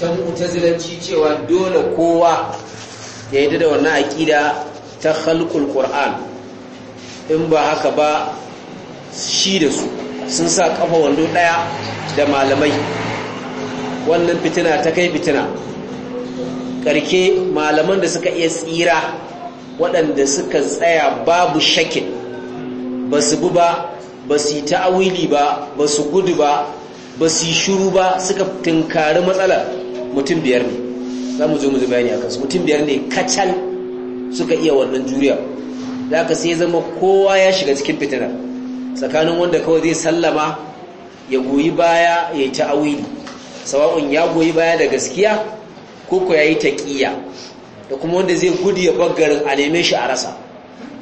can mutazilanci cewa dole kowa ya yi da wannan aƙida ta halkul ƙur'an in ba haka ba shi da su sun sa ƙafa wando ɗaya da malamai wannan fitina ta kai fitina ƙarke malaman da suka iya tsira waɗanda suka tsaya babu shakin ba su bu ba ba su yi ta'awili ba ba su gudu ba ba su yi shuru ba suka tunkari matsalar mutum biyar ne za mu zo mu ne a kansu mutum biyar ne kacal suka iya wannan juriya za ka sai zama kowa ya shiga cikin fitinar tsakanin wanda kawai zai sallama ya goyi baya ya yi ta'awili sawa'un ya goyi baya da gaskiya ko ko ya yi taƙiya da kuma wanda zai gudu ya bagarin a neme shi a rasa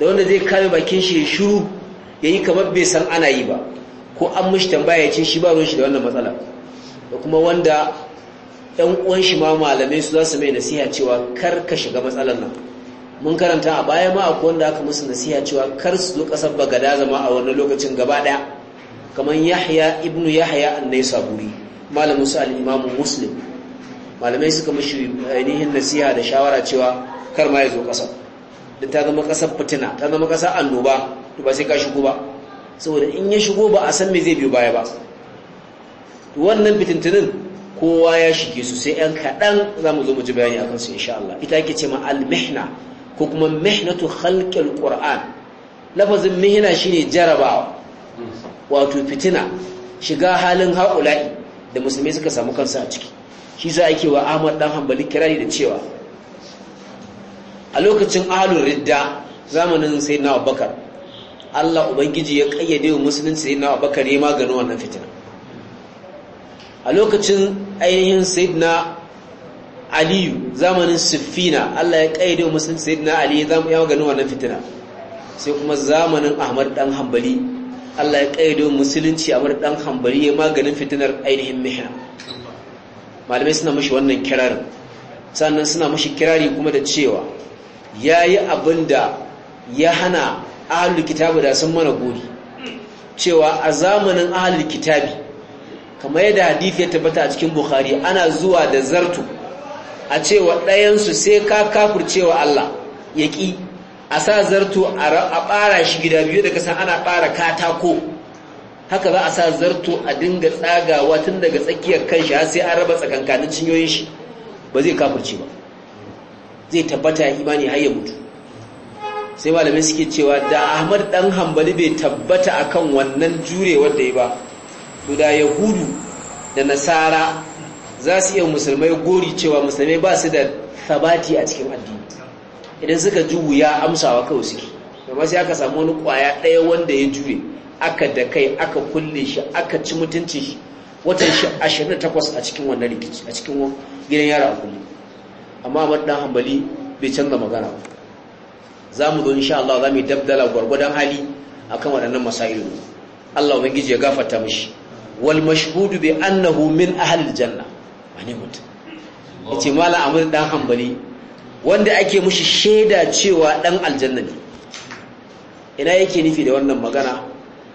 da wanda zai kame bakin shi ya shiru ya yi kamar bai san ana yi ba ko an mishi tambaya ya ce shi ba ruwan shi da wannan matsala da kuma wanda yan uwan shi ma malamai su za su mai nasiha cewa kar ka shiga matsalar nan mun karanta a baya ma akwai wanda aka musu nasiha cewa kar su zo kasar bagada zama a wannan lokacin gaba daya kamar yahya ibnu yahya annai saburi malamin su al-imamu muslim malamai suka mishi ainihin nasiha da shawara cewa kar ma ya zo kasar da ta zama kasar fitina ta zama kasar annoba to ba sai ka shigo ba saboda in ya shigo ba a san me zai biyo baya ba wannan fitintunin kowa ya shige su sai ‘yan kaɗan za mu zo mu ji bayani a kansu insha Allah ita yake ce ma al-mihna ko kuma mihnatu halkar ƙur'an lafazin mihna shine jarabawa wato fitina shiga halin haƙula'i da musulmi suka samu kansu a ciki shi za a wa ahmad ɗan hambali kirari da cewa a lokacin ahalun ridda zamanin sai na bakar allah ubangiji ya ƙayyade wa musulunci sai na bakar ya maganin wannan fitina a lokacin ainihin saidina aliyu zamanin siffina allah ya kaide musulun saidina Aliyu ya zama ganin wannan fitina sai kuma zamanin ahmad dan hambali allah ya kaide musulunci ahmad dan hambali ya maganin fitinar ainihin mihina. malamai suna mashi wannan kirarin sannan suna mashi kirari kuma da cewa ya yi abin da ya hana ahalul kitabi da sun mana gori cewa a zamanin ahalul kitabi kamar yadda hadisi ya tabbata a cikin bukhari ana zuwa da zartu a cewa ɗayansu sai ka kafircewa Allah ya ƙi a sa zartu a ɓara shi gida biyu da kasan ana ɓara katako haka za a sa zartu a dinga tsagawa tun daga tsakiyar kanshi har sai an raba tsakankanin cinyoyin shi ba zai kafurce ba zai tabbata imani har ya mutu sai malamai suke cewa da ahmad dan hambali bai tabbata akan wannan jure wanda ya ba to da yahudu da nasara za su iya musulmai gori cewa musulmai ba su da sabati a cikin addini idan suka ji wuya amsawa kawai suke amma sai aka samu wani kwaya ɗaya wanda ya jure aka da kai aka kulle shi aka ci mutunci shi watan shi 28 a cikin wannan rikici a cikin gidan yara a kulle amma Ahmad Hanbali bai canza magana ba za mu zo insha Allah za mu dabdala gwargwadon hali akan waɗannan masailu Allah ubangiji ya gafarta mishi wal mashhudu bi annahu min ahli janna wani mutum yace mallan amir dan hanbali wanda ake mushi shaida cewa dan aljanna ne ina yake nufi da wannan magana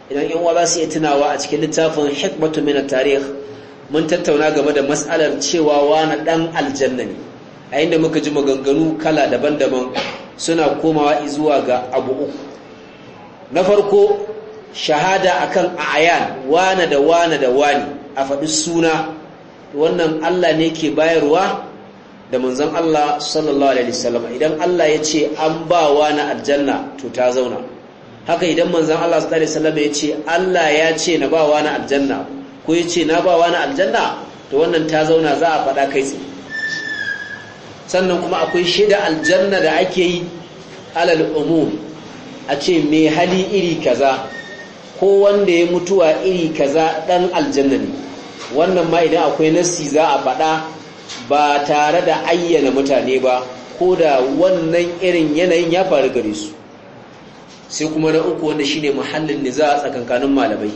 idan yan uwa za su iya tunawa a cikin littafin hikmatu min at-tarikh mun tattauna game da mas'alar cewa wani dan aljanna ne a inda muka ji maganganu kala daban-daban suna komawa zuwa ga abu uku na farko shahada akan ayan wane da wane da wani a faɗi suna wannan Allah ne ke bayarwa da manzan Allah sallallahu alaihi wasallam idan Allah ya ce an ba na aljanna to ta zauna haka idan manzan Allah sallallahu alaihi wasallam ya ce Allah ya ce na ba na aljanna ko ya ce na ba na aljanna to wannan ta zauna za a faɗa kai tsaye sannan kuma akwai shida aljanna da ake yi alal umum a ce mai hali iri kaza ko wanda ya mutuwa iri kaza dan aljanna ne wannan ma idan akwai nassi za a faɗa ba tare da ayyana mutane ba ko da wannan irin yanayin ya faru gare su sai kuma na uku wanda shine muhallin ne za a tsakankanin malamai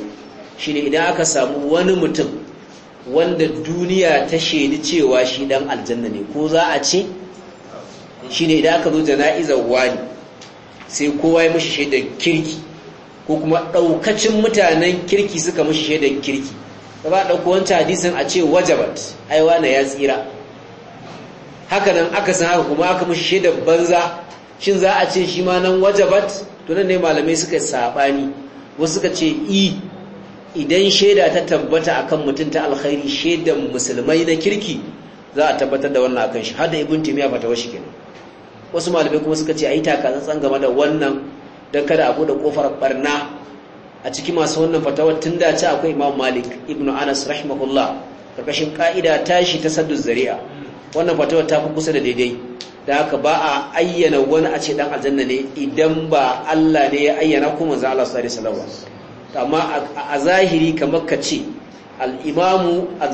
shine idan aka samu wani mutum wanda duniya ta shaidi cewa shi dan aljanna ne ko za a ce shine idan aka zo jana'izar wani sai kowa ya mishi shaidar kirki ko kuma ɗaukacin mutanen kirki suka mashi shaidan kirki da ba ɗauko wancan hadisin a ce wajabat aiwa na ya tsira haka nan aka san haka kuma aka mashi shaidan banza shin za a ce shi ma nan wajabat to nan ne malamai suka sabani wasu suka ce i idan shaida ta tabbata kan mutum ta alkhairi shaidan musulmai na kirki za a tabbatar da wannan akan shi har da ibn timiya fatawa shi kenan wasu malamai kuma suka ce a yi tsantsan game da wannan don kada a bude kofar barna a ciki masu wannan fatawar tun da ci akwai imam malik ibn anas rahimahullah karkashin ka'ida tashi ta saddun zari'a wannan fatawar ta fi kusa da daidai da haka ba a ayyana wani a ce dan aljanna ne idan ba Allah ne ya ayyana kuma manzo Allah sallallahu alaihi amma a zahiri kamar ka ce al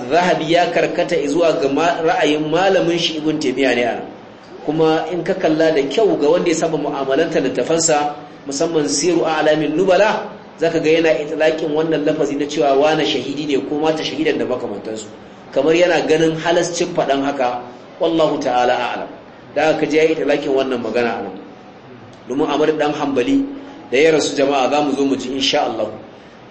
zahabi ya karkata zuwa ga ra'ayin malamin shi ibn taymiya ne kuma in ka kalla da kyau ga wanda ya saba mu'amalanta littafansa musamman siru a alamin nubala zaka ga yana itlaƙin wannan lafazi na cewa wana shahidi ne ko mata shahidan da makamantansu kamar yana ganin halascin faɗan haka wallahu ta'ala a'lam da aka ji ya wannan magana anan domin amar dan hambali da ya rasu jama'a za mu zo mu ji insha Allah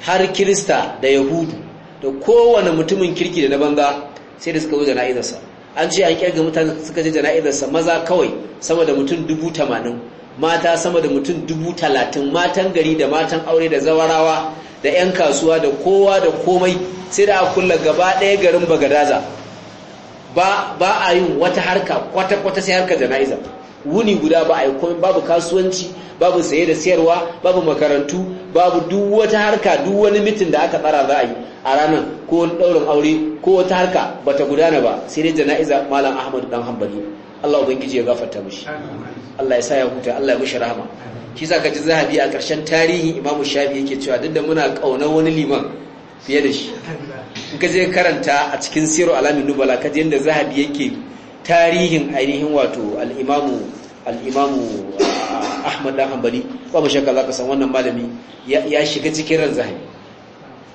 har kirista da yahudu da kowane mutumin kirki da na banga sai da suka zo jana'izarsa an ce an kirga mutane suka je jana'izarsa maza kawai sama da mutum dubu tamanin mata sama da mutum dubu talatin matan gari da matan aure da zawarawa da 'yan kasuwa da kowa da komai sai da a kulla gaba ɗaya garin bagadaza ba a yi wata harka kwata-kwata sai harka jana'iza wuni guda ba a yi komai babu kasuwanci babu saye da sayarwa babu makarantu babu duk wata harka duk wani mitin da aka tsara za a yi a ranar ko wani ɗaurin aure ko wata harka bata gudana ba sai dai jana'iza malam ahmadu dan hambali allah ubangiji ya gafarta mishi Allah ya sa ya huta Allah ya mishi rahama shi sa ji zahabi a ƙarshen tarihin imamu shafi yake cewa duk da muna ƙaunar wani liman fiye da shi in ka je karanta a cikin siru alamin nubala ka je yadda zahabi yake tarihin ainihin wato al'imamu al'imamu ah, ahmad dan hanbali mu shakka za ka san wannan malami ya shiga cikin ran zahabi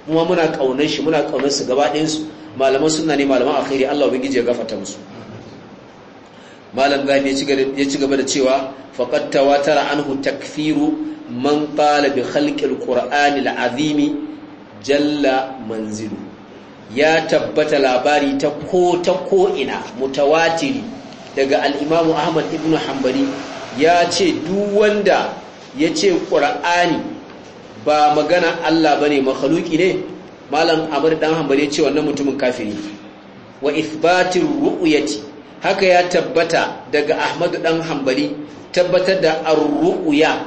kuma muna ƙaunar shi muna ƙaunar su gaba ɗayansu malaman suna ne malaman akhiri Allah ubangiji ya gafarta musu malam gani ya ci gaba da cewa faqad an hu takfiru man ƙala bi halƙil ƙura'ani azimi jalla manzilu ya tabbata labari ta ko ta ko ina mutawatiri daga al'imamu ahmad ibn hanbali ya ce duk wanda ya ce ƙura'ani ba magana Allah bane makhaluki ne malam amr ɗan hanbali ya ce wannan mutumin kafiri wa ithbatir ru'uyati haka ya tabbata daga ahmadu ɗan hambali tabbatar da arru'uya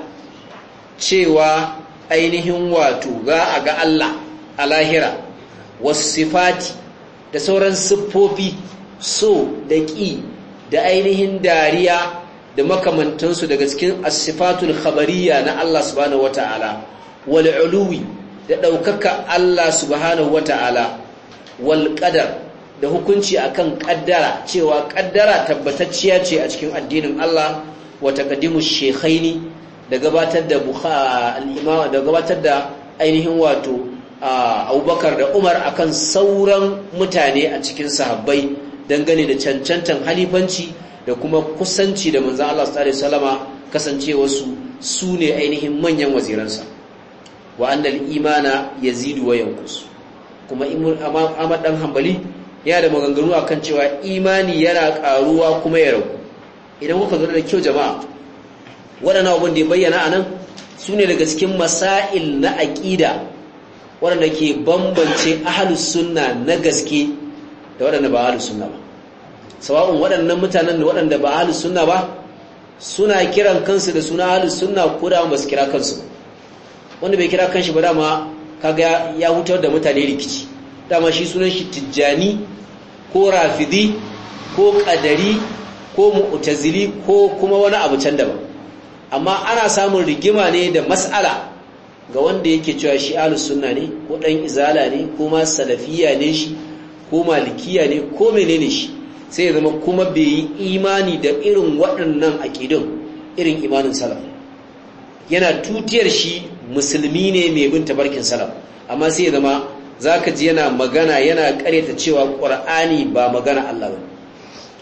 cewa ainihin wato ga a ga Allah a lahira wasifati da sauran siffofi so da ƙi da ainihin dariya da makamantansu daga cikin asifatul khabariya na Allah subhanahu wata'ala ta'ala da ɗaukaka Allah subhanahu wata'ala wal qadar da hukunci akan kaddara cewa kaddara tabbatacciya ce a cikin addinin Allah wata taqdimu shaykhaini da gabatar da gabatar da ainihin wato Abubakar da Umar akan sauran mutane a cikin sahabbai dangane da cancantan halifanci da kuma kusanci da manzan Allah sallallahu salama kasance kasancewarsu su ne ainihin manyan waziransa wa imana ya yazidu wayan kusu kuma Ahmad dan Hanbali ya da maganganu akan cewa imani yana karuwa kuma ya ragu idan kuka zo da kyau jama'a waɗannan abin da ya bayyana a nan su ne daga cikin masail na aƙida waɗanda ke bambance ahalus sunna na gaske da waɗanda ba ahalus sunna ba sawa'un waɗannan mutanen da waɗanda ba ahalus sunna ba suna kiran kansu da suna ahalus sunna ko da ba kira kansu wanda bai kira kanshi ba dama kaga ya hutar da mutane rikici dama shi sunan shi tijjani ko rafidi ko ƙadari ko mu'tazili ko kuma wani abu can daban amma ana samun rigima ne da mas'ala ga wanda yake cewa shi alus sunna ne ko dan izala ne ko ma salafiya ne shi ko malikiya ne ko menene shi sai ya zama kuma bai yi imani da irin waɗannan aƙidun irin imanin salaf yana tutiyar shi musulmi ne mai bin tabarkin salaf amma sai ya zama Za ka ji yana magana yana kareta cewa ƙwar'ani ba magana Allah ba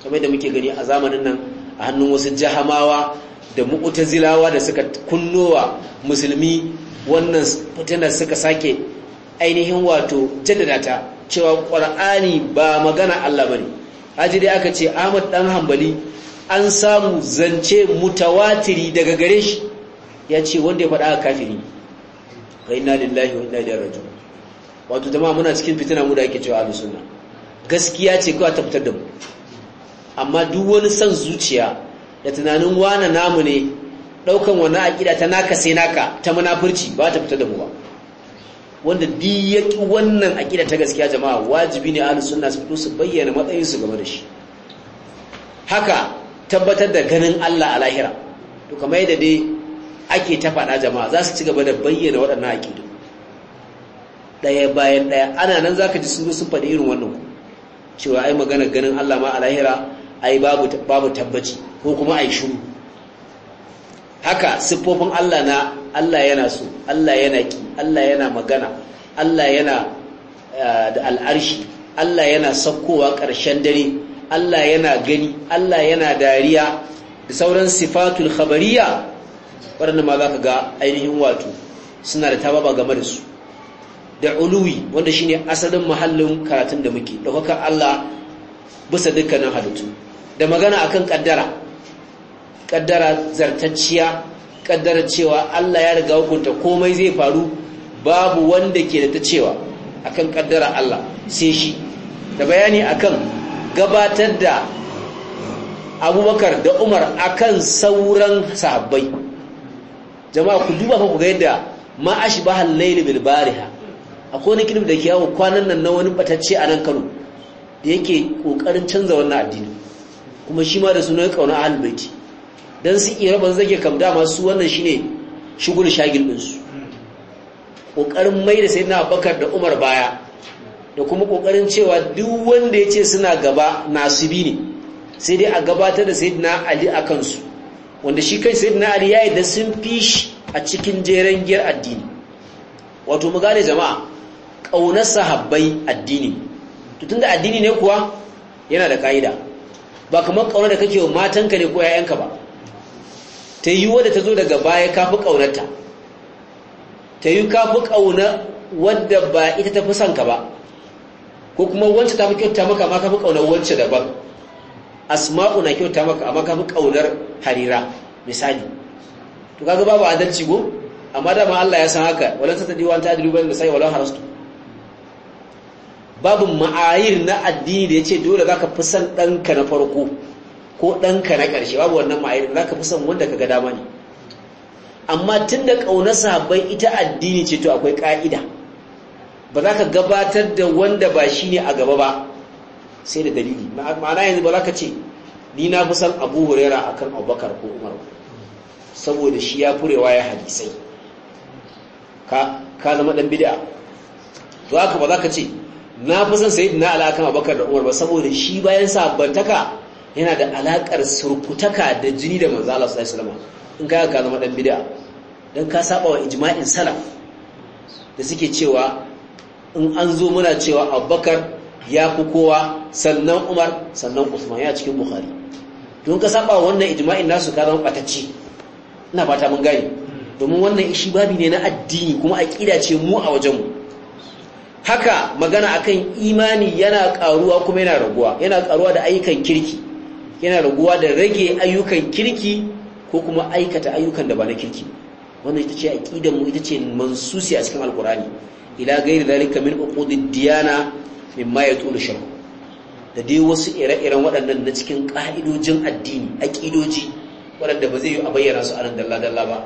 kamar da muke gani a zamanin nan a hannun wasu jahamawa da zilawa da suka kunnowa musulmi wannan fitina suka sake ainihin wato jaddada cewa ƙwar'ani ba magana Allah ne haji dai aka ce Ahmad ɗan hambali. an samu zance mutawatiri daga gare shi ya ce wanda ya faɗa kafiri yi inna lillahi wa ya raju. wato jama'a muna cikin fitina mu da ake cewa ahlus sunna gaskiya ce kawai ta fitar da mu amma duk wani san zuciya da tunanin wane namu ne daukan wani akida ta naka sai naka ta munafurci ba ta fitar da mu ba wanda duk ya ki wannan akida ta gaskiya jama'a wajibi ne ahlus sunna su fito su bayyana matsayin su game da shi haka tabbatar da ganin Allah a lahira to kamar yadda dai ake ta faɗa jama'a za su ci gaba da bayyana waɗannan aƙidu ɗaya bayan ɗaya ana nan zaka ji sun sun faɗi irin wannan cewa ai magana ganin Allah ma alahira ai babu tabbaci ko kuma ai shiru haka siffofin Allah na Allah yana so Allah yana ki Allah yana magana Allah yana eh, da al'arshi Allah yana sakkowa ƙarshen dare Allah yana gani Allah yana dariya da sauran sifatul khabariya waɗanda ma za ka ga ainihin wato suna da tababa game da su da uluwi wanda shine asalin muhallin karatun da muke ɗaukaka Allah bisa dukkanin halittu da magana akan kaddara kaddara zartacciya kaddara cewa Allah ya riga hukunta komai zai faru babu wanda ke da ta cewa akan kaddara Allah sai shi da bayani akan gabatar da Abubakar da Umar akan sauran sahabbai jama'a ku duba ku ga yadda ma ashbahal layl bil bariha akwai wani kilim da ke yawo kwanan nan na wani batacce a nan kano da yake kokarin canza wannan addini kuma shi ma da sunan kauna ahlul baiti dan su iya raba zage kam dama su wannan shine shugul shagil ɗinsu su kokarin mai da na bakar da umar baya da kuma kokarin cewa duk wanda ya ce suna gaba na su bi ne sai dai a gabatar da na ali a kansu wanda shi kai na ali ya yi da sun fi shi a cikin jeren giyar addini wato mu gane jama'a ƙaunar sahabbai addini to da addini ne kuwa yana da ka'ida ba kamar ƙaunar da kake wa matanka ne ko ƴaƴanka ba ta yi wadda ta zo daga baya ka fi ƙaunarta ta yi ka fi ƙauna wadda ba ita ta fi sanka ba ko kuma wancan ta fi kyauta maka amma ka fi ƙaunar wancan daban asma'u na kyauta maka amma ka fi ƙaunar harira misali to kaga babu adalci go amma dama Allah ya san haka walan ta tadi wa ta adriban da sai walan harastu babu ma'ayir na addini da ya ce dole za ka fi san ɗanka na farko ko ɗanka na ƙarshe babu wannan ma'ayir za ka fi son wanda ka ga dama ne amma tun da ƙaunar sahabbai ita addini ce to akwai ƙa'ida ba za ka gabatar da wanda ba shi ne a gaba ba sai da dalili ma'ana yanzu ba za ka ce ni na fi son abu hurera a kan abubakar ko umar saboda shi ya furewa ya hadisai ka zama ɗan bida to haka ba za ka ce na fi son sayyidina na akan abubakar da umar ba saboda shi bayan sabbataka yana da alakar surkutaka da jini da manzo Allah sallallahu alaihi wasallam in ka ka zama dan bid'a dan ka saba wa ijma'in salaf da suke cewa in an zo muna cewa abubakar ya fi kowa sannan umar sannan usman ya cikin bukhari don ka saba wannan ijma'in nasu ka zama batacci ina fata mun gane domin wannan shi babi ne na addini kuma aqida ce mu a wajenmu haka magana akan imani yana karuwa kuma yana raguwa yana karuwa da ayyukan kirki yana raguwa da rage ayyukan kirki ko kuma aikata ayyukan da ba na kirki wannan ita ce aqidar mu ita ce mansusi a cikin alqur'ani ila ghairi zalika min uqudid diyana mimma yatul sharh da dai wasu ire-iren waɗannan na cikin ƙa'idojin addini aqidoji waɗanda ba zai yi a bayyana su a nan dalla-dalla ba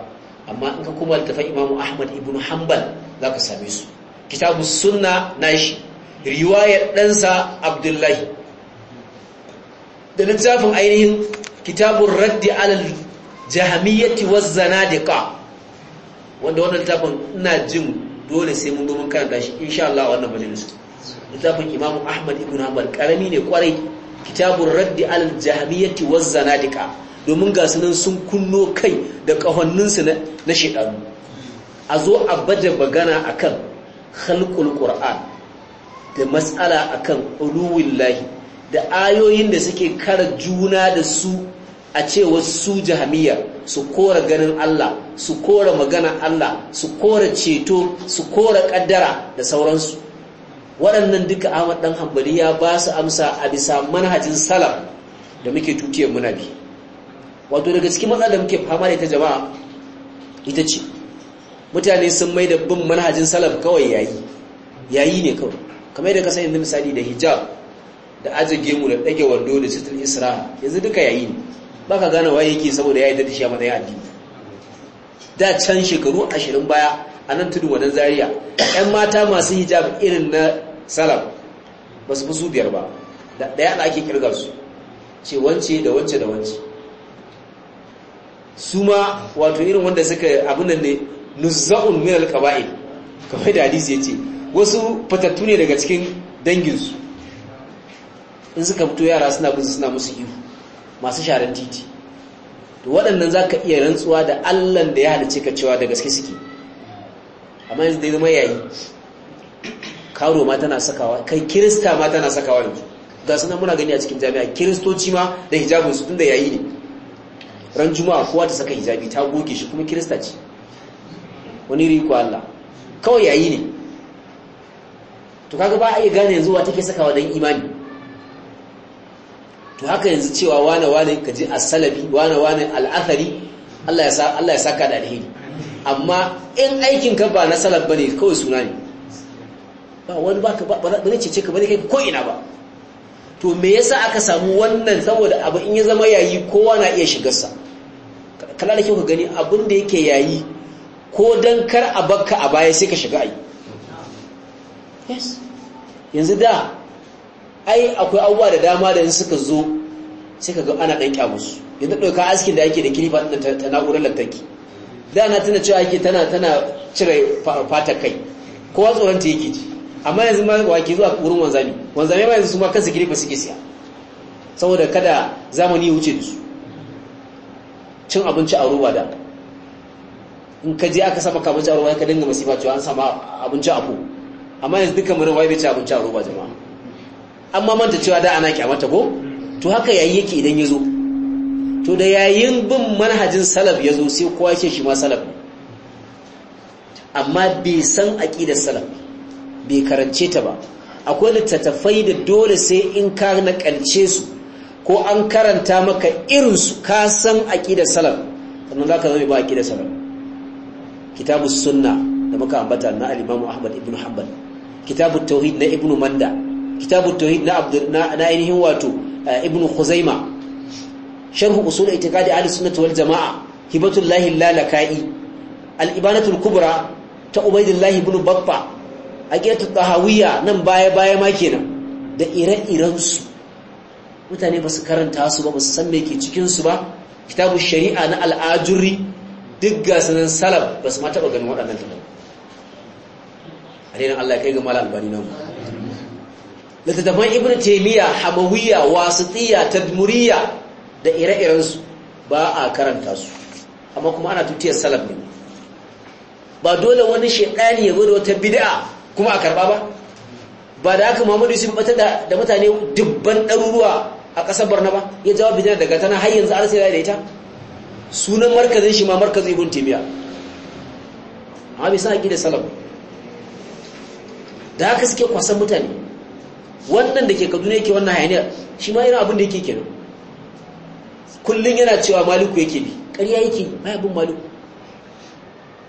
amma in ka kuma tafi imamu ahmad ibn hanbal zaka same su kitabu sunna nashi riwayar ɗansa abdullahi da littafin ainihin kitabun raddi alal jahamiyyati wazzanadiqa wanda wannan littafin ina jin dole sai mun domin karanta shi insha Allah wannan majalis littafin Imam Ahmad ibn Hanbal karami ne kwarai kitabun raddi alal jahamiyyati wazzanadiqa domin ga sunan sun kunno kai da kafannin na shedanu a zo a baje bagana akan khalqul qur'an da matsala akan uluwillahi da ayoyin da suke kara juna da su a cewa su jahmiya su kora ganin Allah su kora magana Allah su kora ceto su kora kaddara da sauransu waɗannan duka Ahmad dan Hanbali ya ba su amsa a bisa manhajin salaf da muke tutiyar muna bi wato daga cikin matsalar da muke fama da ita jama'a ita ce mutane sun mai da bin manhajin salaf kawai yayi yayi ne kawai kamar da ka sani yanzu misali da hijab da aje mu da dage wando da sitin isra yanzu duka yayi ne baka gane waye yake saboda yayi da shi a matsayin addini da can shekaru ashirin baya a nan tudu wadan zaria yan mata masu hijab irin na salaf ba su fi su biyar ba da ɗaya da ake kirga su ce wance da wance da wance su ma wato irin wanda suka abin nan ne nuzza'un min alqaba'il kamar da hadisi yace wasu fatattu ne daga cikin dangin su in suka fito yara suna bin suna musu ihu masu sharan titi to waɗannan zaka iya rantsuwa da Allah da ya halice ka cewa da gaske suke amma yanzu dai zama yayi karo ma tana sakawa kai kirista ma tana sakawa ne ga sunan muna gani a cikin jami'a kiristoci ma da hijabinsu tunda yayi ne ran juma'a kowa ta saka hijabi ta goge shi kuma kirista ce wani riko Allah kawai yayi ne to kaga ba a iya gane yanzu wa take sakawa dan imani to haka yanzu cewa wane wane kaji as-salafi wane wane al-athari Allah ya sa Allah ya saka da alheri amma in aikin ka ba na salaf bane kawai suna ne ba wani baka ba bane cece ka bane kai ko ina ba to me yasa aka samu wannan saboda abu in ya zama yayi kowa na iya shigar sa kana da kyau ka gani abin da yake yayi ko don kar a bakka a baya sai ka shiga yanzu da ai akwai abubuwa da dama da yanzu suka zo sai ka ga ana ɗan kyamusu yanzu ɗauka askin da ake da kilifa ta na'urar lantarki da na tana cewa ake tana tana cire fatan kai kowa tsoron ta yake ji amma yanzu ma wake zuwa wurin wanzami wanzami ma yanzu su ma kansu kilifa suke siya saboda kada zamani ya wuce da su cin abinci a ruwa da in ka je aka sama kabinci a ka dinga masifa cewa an sama abinci a ko amma yanzu duka murin wai bai ci abinci a roba jama'a amma manta cewa da ana kyamata ko to haka yayi yake idan ya zo to da yayin bin manhajin salaf ya zo sai kowa ce shi ma salaf amma bai san aqidar salaf bai karance ta ba akwai littattafai da dole sai in ka nakalce su ko an karanta maka irinsu ka san aqidar salaf sannan zaka zama ba aqidar salaf kitabu sunna da muka ambata na ahmad ibn hanbal kitabu tauhid na ibn manda kitabu tauhid na abdur na ainihin wato eh, ibn khuzaima sharh usul i'tiqadi ahli sunnah wal jamaa hibatullahi lalakai al-ibanatul kubra ta ubaydillah ibn babba aqidatu tahawiyya nan baya baya ma kenan da ire-iren su mutane ba su karanta su ba ba su san me ke cikin su ba kitabu shari'a na al-ajurri duk gasunan salaf ba su ma taɓa ganin waɗannan taɓa a daina Allah ya kai ga mala albani nan littattafan ibn taimiyya hamawiyya wasitiyya tadmuriyya da ire-irensu ba a karanta su amma kuma ana tutiyar salaf ne ba dole wani shaidani ya gudu wata bid'a kuma a karba ba ba da haka Muhammadu su bata da mutane dubban ɗaruruwa a ƙasar Barna ba ya jawo bid'a daga tana har yanzu an da ita sunan markazin shi ma markazin ibn taymiya amma bai san aqida salaf da haka suke kwasan mutane wannan da ke Kaduna yake wannan hayaniyar shi ma yana abin da yake kenan kullun yana cewa maliku yake bi ƙarya yake baya bin maliku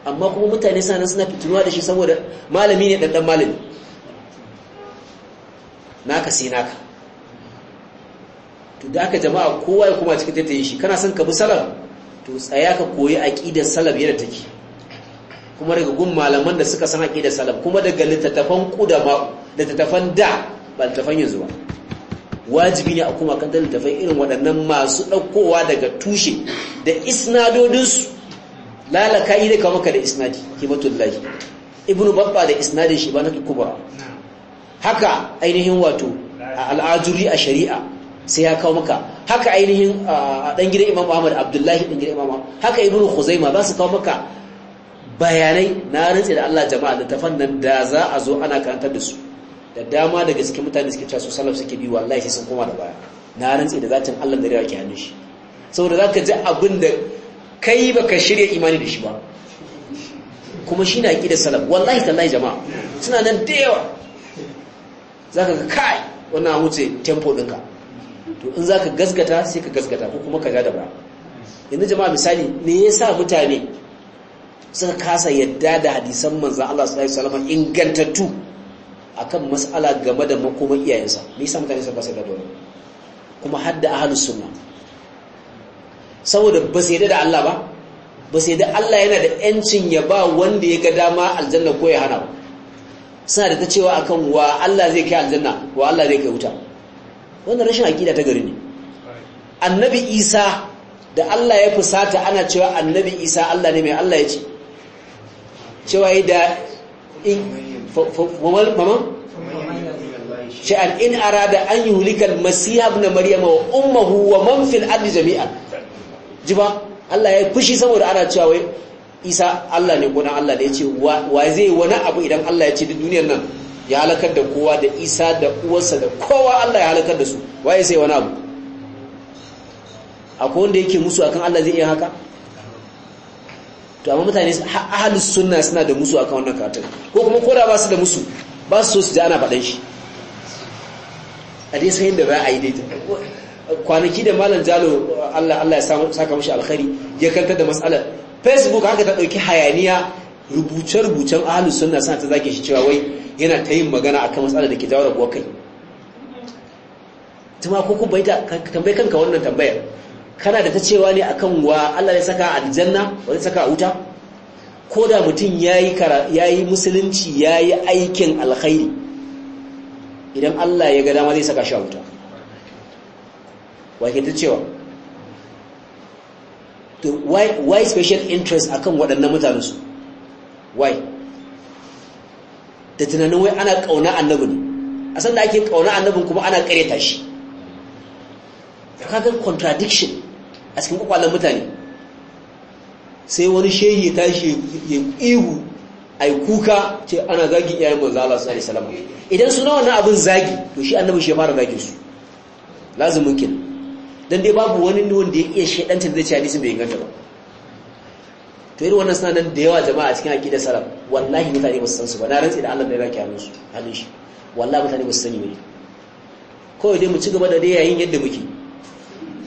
amma kuma mutane sana suna fitinuwa da shi saboda malami ne dandan malami naka sai naka to da aka jama'a kowa ya kuma cikin tattayin shi kana son ka bi salaf to tsaya ka koyi aqidar salaf yadda take kuma daga gun malaman da suka san aqidar salaf kuma daga littattafan da littafan da ba littafan yanzu ba wajibi ne a kuma kan littafan irin waɗannan masu ɗaukowa daga tushe da su lalaka yi da kama ka da isnadi kimatullahi ibnu babba da isnadin shi ba na kubra haka ainihin wato a al'ajuri a shari'a sai ya kawo maka haka ainihin dan gidan Imam Ahmad Abdullahi dan gidan Imam haka Ibn ma za su kawo maka bayanai na rantsi da Allah jama'a da tafan nan da za a zo ana karantar da su da dama daga cikin mutane suke cewa su salaf suke bi wallahi shi sun koma da baya na rantsi da zatin Allah da rewa ke hannun shi saboda zaka ji abin da kai baka shirya imani da shi ba kuma shi na aƙidar salaf wallahi tallahi jama'a suna nan da yawa zaka ga kai wannan wuce tempo dinka to in zaka gasgata sai ka gasgata ko kuma ka ga da ba yanzu jama'a misali me yasa mutane suka kasa yadda da hadisan manza Allah sallallahu alaihi wasallam ingantattu akan mas'ala game da makoman iyayensa me yasa mutane suka kasa yadda kuma hadda ahlus sunna saboda ba sai yadda da Allah ba ba sai yadda Allah yana da yancin ya ba wanda ya ga dama aljanna ko ya hana ba suna da ta cewa akan wa Allah zai kai aljanna wa Allah zai kai wuta wannan rashin aƙida ta gari ne annabi isa da Allah ya fusata ana cewa annabi isa Allah ne mai Allah ya ce cewa yi da in sha'an in da an yi hulikar masiha na maryama wa ummahu wa manfil ardi jami'a ji ba Allah ya fushi saboda ana cewa wai isa Allah ne gona Allah da ya ce wa zai wani abu idan Allah ya ce duk duniyar nan ya halakar da kowa da isa da uwarsa da kowa Allah ya halakar da su waye sai wani abu akwai wanda yake musu akan Allah zai iya haka to amma mutane ahlus sunna suna da musu akan wannan karatun ko kuma kora ba su da musu ba su so su ji ana faɗan shi a dai sayin da ba a yi dai kwanaki da malam jalo Allah Allah ya saka mishi alkhairi ya kanta da matsalar facebook haka ta dauki hayaniya rubuce-rubucen ahalus suna suna ta zage shi cewa wai yana ta yin magana a kan matsalar da ke jawo rabuwar kai tuma ko kuma ta tambayi kanka wannan tambayar kana da ta cewa ne a kan wa Allah ya saka aljanna wani saka wuta ko da mutum ya yi musulunci ya yi aikin alkhairi idan Allah ya ga dama zai saka shi a wuta wake ta cewa to why special interest akan waɗannan mutanensu wai da tunanin wai ana kauna annabi ne a san da ake kauna annabin kuma ana kareta shi kaga contradiction a cikin kwakwalen mutane sai wani shehi ya tashi ya ihu ai kuka ce ana zagi iyayen manzo Allah sallallahu alaihi idan suna wannan abin zagi to shi annabi shi ya fara zagin su lazumin kin dan dai babu wani wanda ya iya shedantar da ce hadisin bai inganta ba to yi wannan suna nan da yawa jama'a cikin da salaf wallahi mutane musu su san su ba na rantsi da Allah da ya baki hannun su hannun shi wallahi mutane musu sani ba kawai dai mu ci gaba da dai yayin yadda muke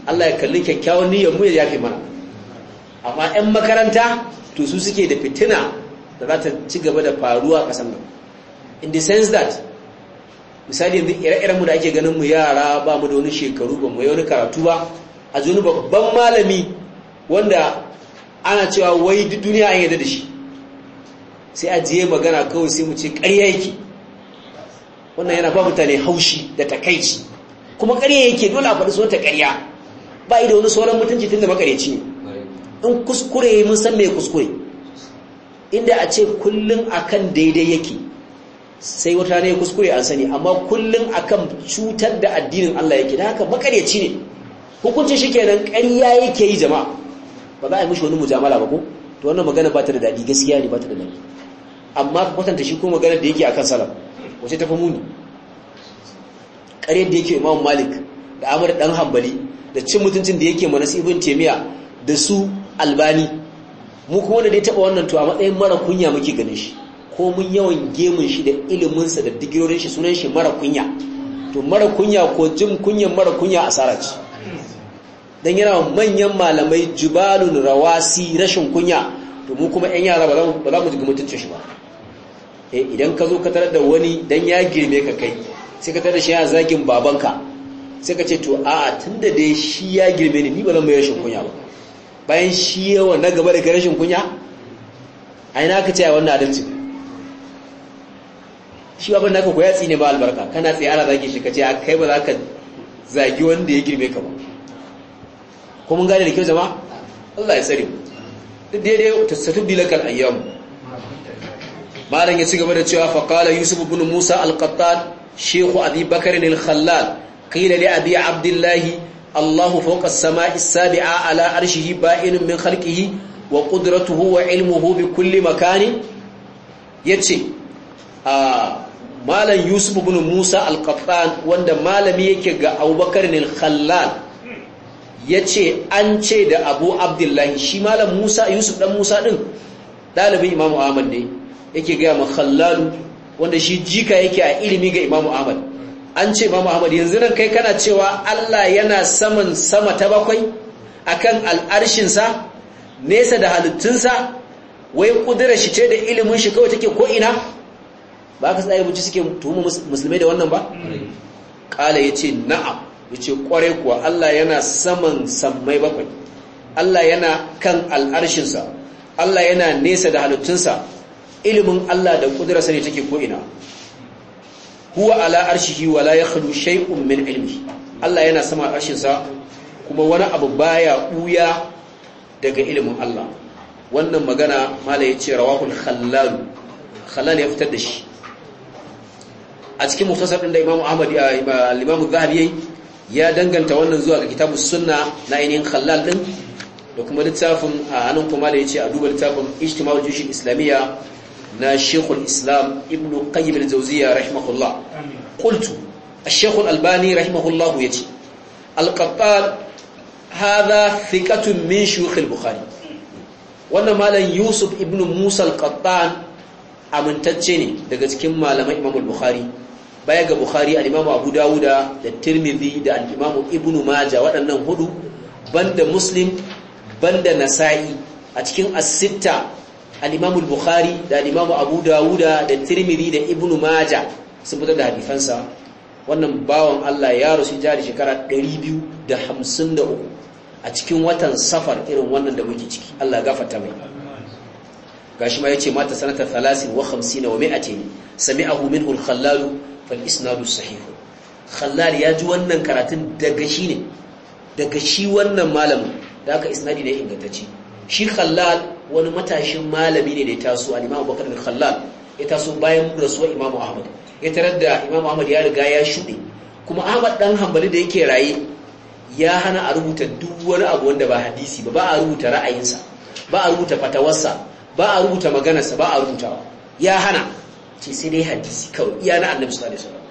Allah ya kalli kyakkyawan niyyar mu ya yafe mana amma 'yan makaranta to su suke da fitina da za ta ci gaba da faruwa a kasan nan in the sense that misali yanzu ire-iren mu da ake ganin mu yara ba mu da wani shekaru ba mu yi wani karatu ba a zuni babban malami wanda ana cewa wai duniya an yadda da shi sai ajiye magana kawai sai mu ce ƙarya yake wannan yana ba mutane haushi da takaici kuma ƙarya yake dole a faɗi sunanta ƙarya ba da wani sauran mutunci tun da makareci ne in kuskure mun san mai kuskure inda a ce kullum akan daidai yake sai wata ne kuskure an sani amma kullum akan cutar da addinin Allah yake da haka makareci ne hukuncin shi kenan karya yake yi jama'a ba za a yi mishi wani mujamala ba ko to wannan magana ba ta da daɗi gaskiya ne ba ta da daɗi amma ka kwatanta shi ko magana da yake akan salam wace ta fi muni ƙaryar da yake imam malik da amur dan hambali da cin mutuncin da yake manasi ibn taimiya da su albani mu kuma da dai taɓa wannan to a matsayin mara kunya muke ganin shi ko mun yawan gemun shi da iliminsa da digirorin shi sunan shi mara kunya to mara kunya ko jin kunyan mara kunya asara ce dan yana manyan malamai jibalun rawasi rashin kunya to mu kuma ƴan yara ba za mu jigi mutuncin shi ba eh idan ka zo ka tarar da wani dan ya girme ka kai sai ka tarar da shi ya zagin babanka sai ka ce to a'a tunda dai shi ya girme ni ni ba zan mai rashin kunya ba bayan shi yawa na gaba da rashin kunya ai na ka ce a wannan adalci shi babban naka ko ya tsine ba albarka kana tsaye ana zagin shi ka ce a kai ba za ka zagi wanda ya girme ka ba ko mun gane da kyau jama'a Allah ya tsare duk daidai tasatubbi lakal ayyam malam ya ci gaba da cewa fa qala yusuf ibn musa al-qattan shaykh abi bakr al-khallal qila li abi abdullah Allah fawqa as-sama'i as-sabi'a ala arshihi ba'inun min khalqihi wa qudratuhu wa ilmuhu bi kulli makani. yace a malam yusuf ibn musa al-qattan wanda malami yake ga abubakar al-khallal ya ce an ce da abu abdullahi shi malam musa yusuf dan musa din? Dalibin imamu ahmad ne yake gaya ma khallalu wanda shi jika yake a ilimi ga imamu ahmad an ce imamu ahmad yanzu nan kai kana cewa allah yana saman sama ta bakwai akan al'arshinsa nesa da halittunsa wai kudura shi ce da ilimin shi kawai take ko ina ba ka tsaye buci suke tuhuma musulmai da wannan ba ƙala ya ce na'am ce kwarai kuwa Allah yana saman sammai bakwai Allah yana kan al'arshinsa Allah yana nesa da halittunsa ilimin Allah da kudura ne take ko'ina huwa ala wa la halu shay'un min ilmi Allah yana sama al’arshinsa kuma wani abu baya ɓuya daga ilimin Allah wannan magana mala ce rawahul khallal khallal ya fitar da shi a cikin muftasar ɗin da Imam Ahmad al-Imam eh, Zahabi ya danganta wannan zuwa ga kitabu sunna na ainihin khallal din da kuma littafin a nan kuma da ce a duba littafin ijtima'ul juyush islamiyya na shekul islam ibnu qayyim al-jawziyya rahimahullah qultu الشيخ الألباني رحمه الله يتي القطان هذا ثقة من شيوخ Bukhari. wannan malam Yusuf ibn Musa al-Qattan amintacce ne daga cikin malamai Imam al-Bukhari baya ga bukhari al-imam abu dawuda da tirmidhi da al-imam ibn maja waɗannan hudu banda muslim banda nasa'i a cikin as-sitta al-imam bukhari da al-imam abu dawuda da tirmidhi da ibn maja sun fitar da hadifansa wannan bawan Allah ya rusu jari shekara 253 a cikin watan safar irin wannan da muke ciki Allah gafarta mai gashi ma yace mata sanata 30 wa 50 wa 100 sami'ahu minhu al-khallal fal isnadu sahih khallal ya ji wannan karatun daga shi ne daga shi wannan malamin da aka isnadi ne ingantacce shi khallal wani matashin malami ne da ya taso al-imamu bakar bin khallal ya taso bayan rasuwar Imam ahmad ya tarar da Imam ahmad ya riga ya shuɗe kuma ahmad dan hanbali da yake raye ya hana a rubuta duk wani abu wanda ba hadisi ba ba a rubuta ra'ayinsa ba a rubuta fatawarsa ba a rubuta maganarsa ba a rubutawa ya hana ce sai dai hadisi kawai iya na annabi sallallahu alaihi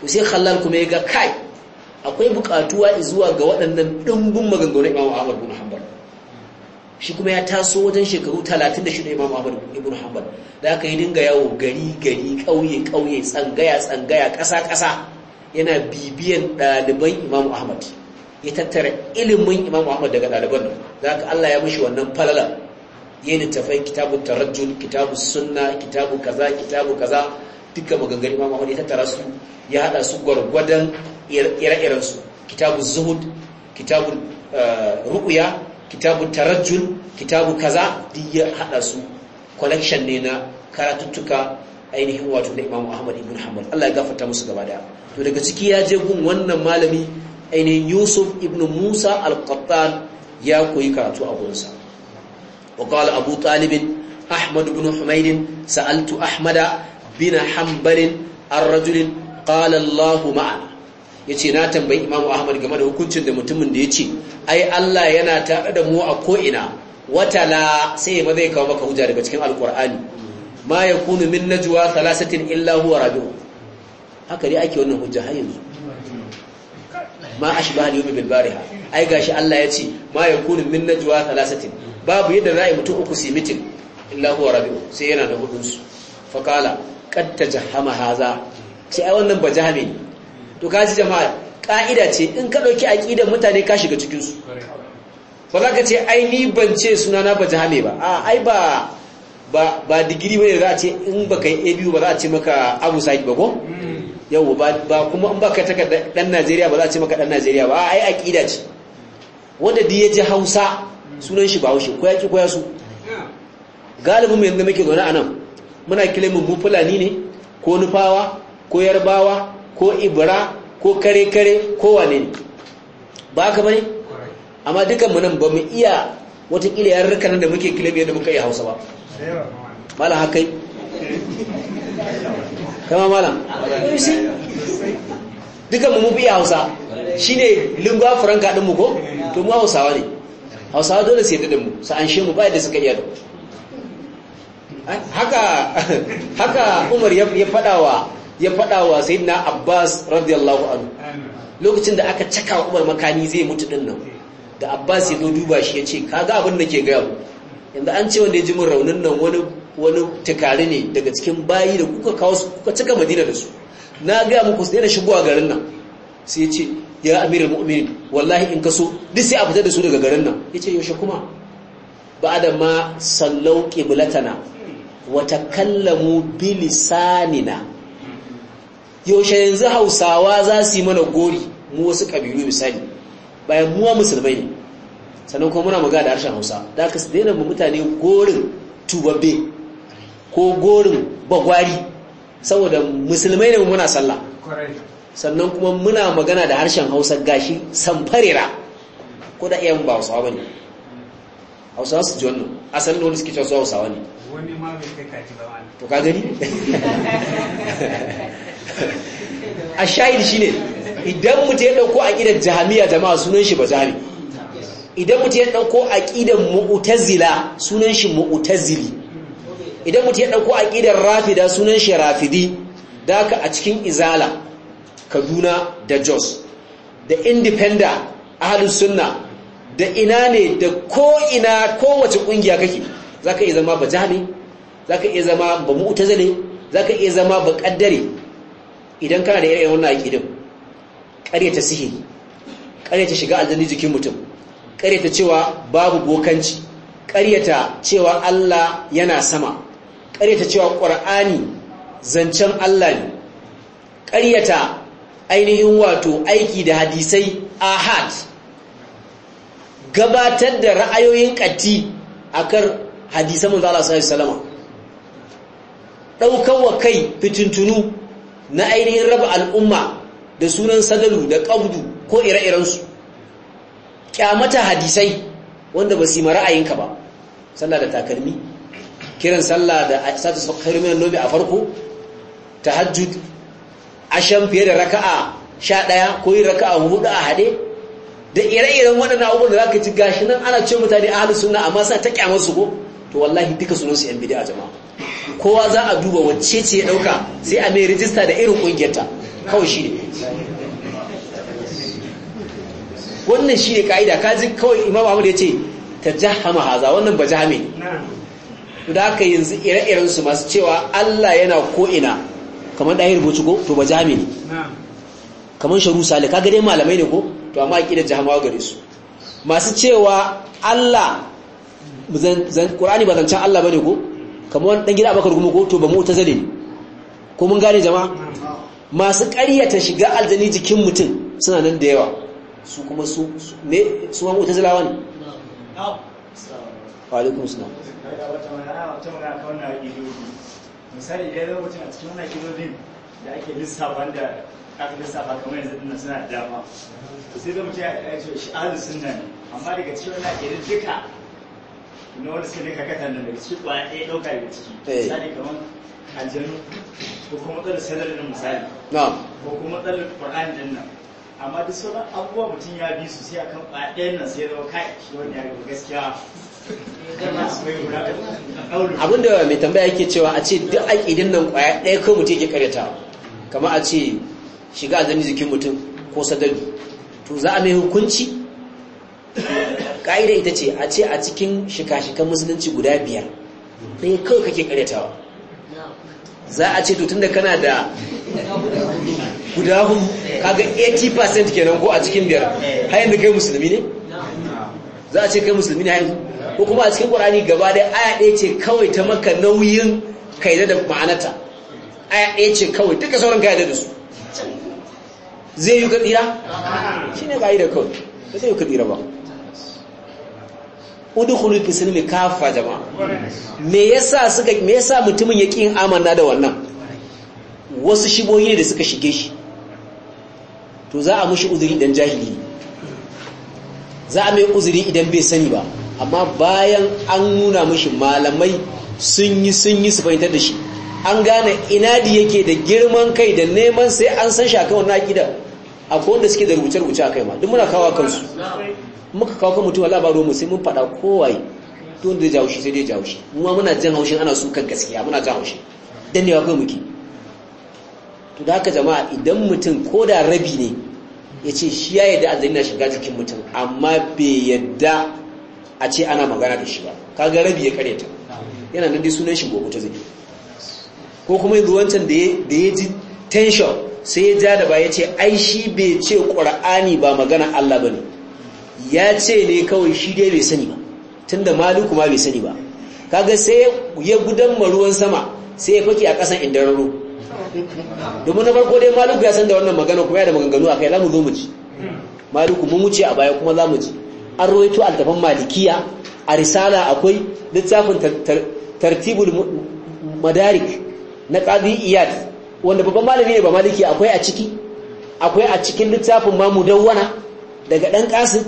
wasallam sai khallal kuma ya ga kai akwai bukatuwa zuwa ga waɗannan ɗumbin maganganun Imam Ahmad bin Hanbal shi kuma ya taso wajen shekaru 36 Imam Ahmad ibn Hanbal da aka yi dinga yawo gari gari kauye kauye tsangaya tsangaya ƙasa ƙasa yana bibiyan ɗaliban Imam Ahmad ya tattara ilimin Imam Ahmad daga ɗaliban nan da Allah ya mishi wannan falala yi littafai kitabu tarajjul kitabu sunna kitabu kaza kitabu kaza duka maganganu ma Muhammad ya tattara su ya hada su gwargwadon ire-iren su kitabu zuhud kitabu eh, ru'ya kitabu tarajjul kitabu kaza duk ya hada su collection ne na karatuttuka ainihin wato na Imam Ahmad ibn Hanbal Allah ya gafarta musu gaba daya to daga ciki ya je gun wannan malami ainihin Yusuf ibn Musa al-Qattan ya koyi karatu a gurinsa وقال أبو طالب أحمد بن حميد سألت أحمد بن حنبل الرجل قال الله معنا yace na tambayi Imam Ahmad game da hukuncin da mutumin da yace ai Allah yana tare da mu a ko ina watala sai ma zai kawo maka hujja daga cikin alqur'ani ma yakunu min najwa thalathatin illa huwa rabi'u haka dai ake wannan hujja har yanzu ma ashbaha al-yawmi bil bariha ai gashi Allah yace ma yakunu min najwa thalathatin babu yadda za a yi mutum uku su mitin illahu wa rabi'u sai yana da hudunsu fakala qad jahama haza sai ai wannan bajahame ne to kaji jama'a ka'ida ce in ka dauki aqidar mutane ka shiga cikin su ba za ka ce ai ni ban ce sunana bajahame ba a ai ba ba ba digiri bane za a ce in baka yi ABU ba za a ce maka Abu Sa'id ba ko yau ba kuma in baka taka dan Najeriya ba za a ce maka dan Najeriya ba A ai aqida ce wanda da ya ji Hausa sunan shi haushe ko yaki ko su galibin mu yadda muke zaune a nan muna kilimin mu fulani ne ko nufawa ko yarbawa ko ibra ko kare-kare ko wane ne ba ka bane amma dukanmu nan ba mu iya watakila yarurruka nan da muke kilimin yadda muka yi hausa ba malam hakai kama malam dukanmu mu fi iya hausa shine lingua franca ɗinmu ko to mu hausawa ne hausawa dole sai da mu su an shi mu ba da suka iya da haka haka umar ya fadawa ya fadawa sayyidina abbas radiyallahu anhu lokacin da aka caka umar makani zai mutu din nan da abbas ya zo duba shi ya ce kaga abin da ke gaya mu yanzu an ce wanda ya ji min raunin nan wani wani tukari ne daga cikin bayi da kuka kawo su kuka cika madina da su na gaya muku su daina shigowa garin nan sai ce ya amiral mu'minin wallahi in kaso duk sai a fita da su daga garin nan yace yaushe kuma ba da ma sallau qiblatana wa takallamu bilisanina yaushe yanzu hausawa za su yi mana gori mu wasu kabilu misali bayan muwa musulmai ne sannan kuma muna magana da harshen hausa da aka su daina mutane gorin tubabbe ko gorin bagwari saboda musulmai ne muna sallah sannan kuma muna magana da harshen hausa gashi Samfarira. ko da iya ba hausawa ba ne hausawa su ji wannan asalin wani suke cewa hausawa ne wani ma bai kai kaji ba wani to ka gani a shahid ne, idan mutum ya a aqidar jami'a jama'a sunan shi ba jahami idan mutum ya a ƙidan mu'tazila sunan shi mu'tazili idan mutum ya ɗauko a ƙidan rafida sunan shi rafidi daka a cikin izala kaduna da jos da indifenda ahalus sunna da ina ne da koina kowace ƙungiya kake za ka iya zama ba za ka iya zama ba za ka iya zama ba kaddare idan kana da irin wannan aqidin ƙaryata sihiri ƙaryata shiga aljanni jikin mutum ƙaryata cewa babu bokanci ƙaryata cewa Allah yana sama ƙaryata cewa ƙwar'ani zancen Allah ne ƙaryata ainihin wato aiki da hadisai ahad gabatar da ra'ayoyin ƙati akan hadisan manzo Allah sallallahu alaihi wa kai fitintunu na ainihin raba al'umma da sunan sadalu da qabdu ko ire-irensu kyamata hadisai wanda ba su yi ra'ayinka ba sallah da takalmi kiran sallah da sata sakar minan nobi a farko tahajjud ashan fiye da raka'a sha ɗaya ko yin raka'a hudu a haɗe da ire-iren waɗannan abubuwan da za ka ci gashi nan ana ce mutane a halin suna amma sa ta kyamar su ko to wallahi duka sunan su yan a jama'a kowa za a duba wacce ce ya ɗauka, sai a mai rijista da irin kungiyarta kawai shi ne wannan shi ne ka'ida ka ji kawai imam ahmad ya ce ta jahama haza wannan ba jahame ne da aka yanzu ire-iren su masu cewa Allah yana ko'ina kamar ɗaya rubutu ko to ba jami ne kamar sharu sale ka dai malamai ne ko to amma aƙidar jahamawa gare su masu cewa Allah zan ba zancen Allah ba ne ko kamar dan gida abakar gumu ko to ba mu'tazili ne ko mun gane jama'a masu ƙaryata shiga aljani jikin mutum suna nan da yawa su kuma su ne su ma mu'tazilawa ne wa alaikum salam misali ɗaya lokacin a cikin wani kilolin da ake lissafa da aka lissafa kamar yanzu dinnan suna da dama to sai da mutum ya ce shi ahlu sunna ne amma daga cikin wani irin duka na wanda ne nika katan nan daga cikin kwaya ɗaya ɗauka daga ciki eh. misali kamar aljanu ko kuma matsalar sanar da misali ko kuma matsalar ƙur'an din nan amma duk sauran abubuwa mutum ya bi su sai akan kwaya ɗayan nan sai zama kai shi wani ya gaskiya da mai tambaya yake cewa a ce duk aƙidin nan ƙwaya ɗaya kawai mutum yake karyata kama a ce shiga a zani jikin mutum ko sadari to za a mai hukunci ƙa'idar ita ce a ce a cikin shika-shikan musulunci guda biyar ɗaya kawai kake karyatawa za a ce tutun da kana da guda hun kaga 80% kenan ko a cikin biyar har yanzu kai musulmi ne za a ce kai musulmi ne hayan ko kuma a cikin Qur'ani gaba dai aya ɗaya ce kawai ta maka nauyin kaida da ma'anata aya ɗaya ce kawai duka sauran kaida da su zai yi kadira shine ba yi da kawai ba zai yi kadira ba udkhulu fi silmi kafa jama'a me yasa suka me yasa mutumin ya kin amana da wannan wasu shiboyi ne da suka shige shi to za a mushi uzuri dan jahili za a mai uzuri idan bai sani ba amma bayan an nuna mashi malamai sun yi sun yi su fahimtar da shi an gane inadi yake da girman kai da neman sai an san shaka wannan akida akwai wanda suke da rubuce-rubuce a kai ma duk muna kawo kansu muka kawo kan mutum Allah mu sai mun faɗa kowaye don da jawo shi sai dai jawo shi mu ma muna jan haushin ana sukan gaskiya muna jan haushin dan ne kai muke to da haka jama'a idan mutum ko da rabi ne ya ce shi ya yadda zaina shiga jikin mutum amma bai yadda a ce ana magana da shi ba kaga rabi ya kareta yana nan dai sunan shi gobe ta zai ko kuma yanzu wancan da ya ji tension sai ya ja da ba ya ce ai shi bai ce ƙur'ani ba magana Allah ba ne ya ce ne kawai shi dai bai sani ba tun da maliku ma bai sani ba kaga sai ya gudan ruwan sama sai ya faki a ƙasan indararo domin na farko dai maliku ya san da wannan magana kuma ya da maganganu a kai za mu zo mu ji maliku mu wuce a baya kuma za mu ji an ruwaito altafan malikiya a risala akwai littafin tartibul madarik na qadi iyad wanda babban malami ne ba maliki akwai a ciki akwai a cikin littafin ma daga dan qasim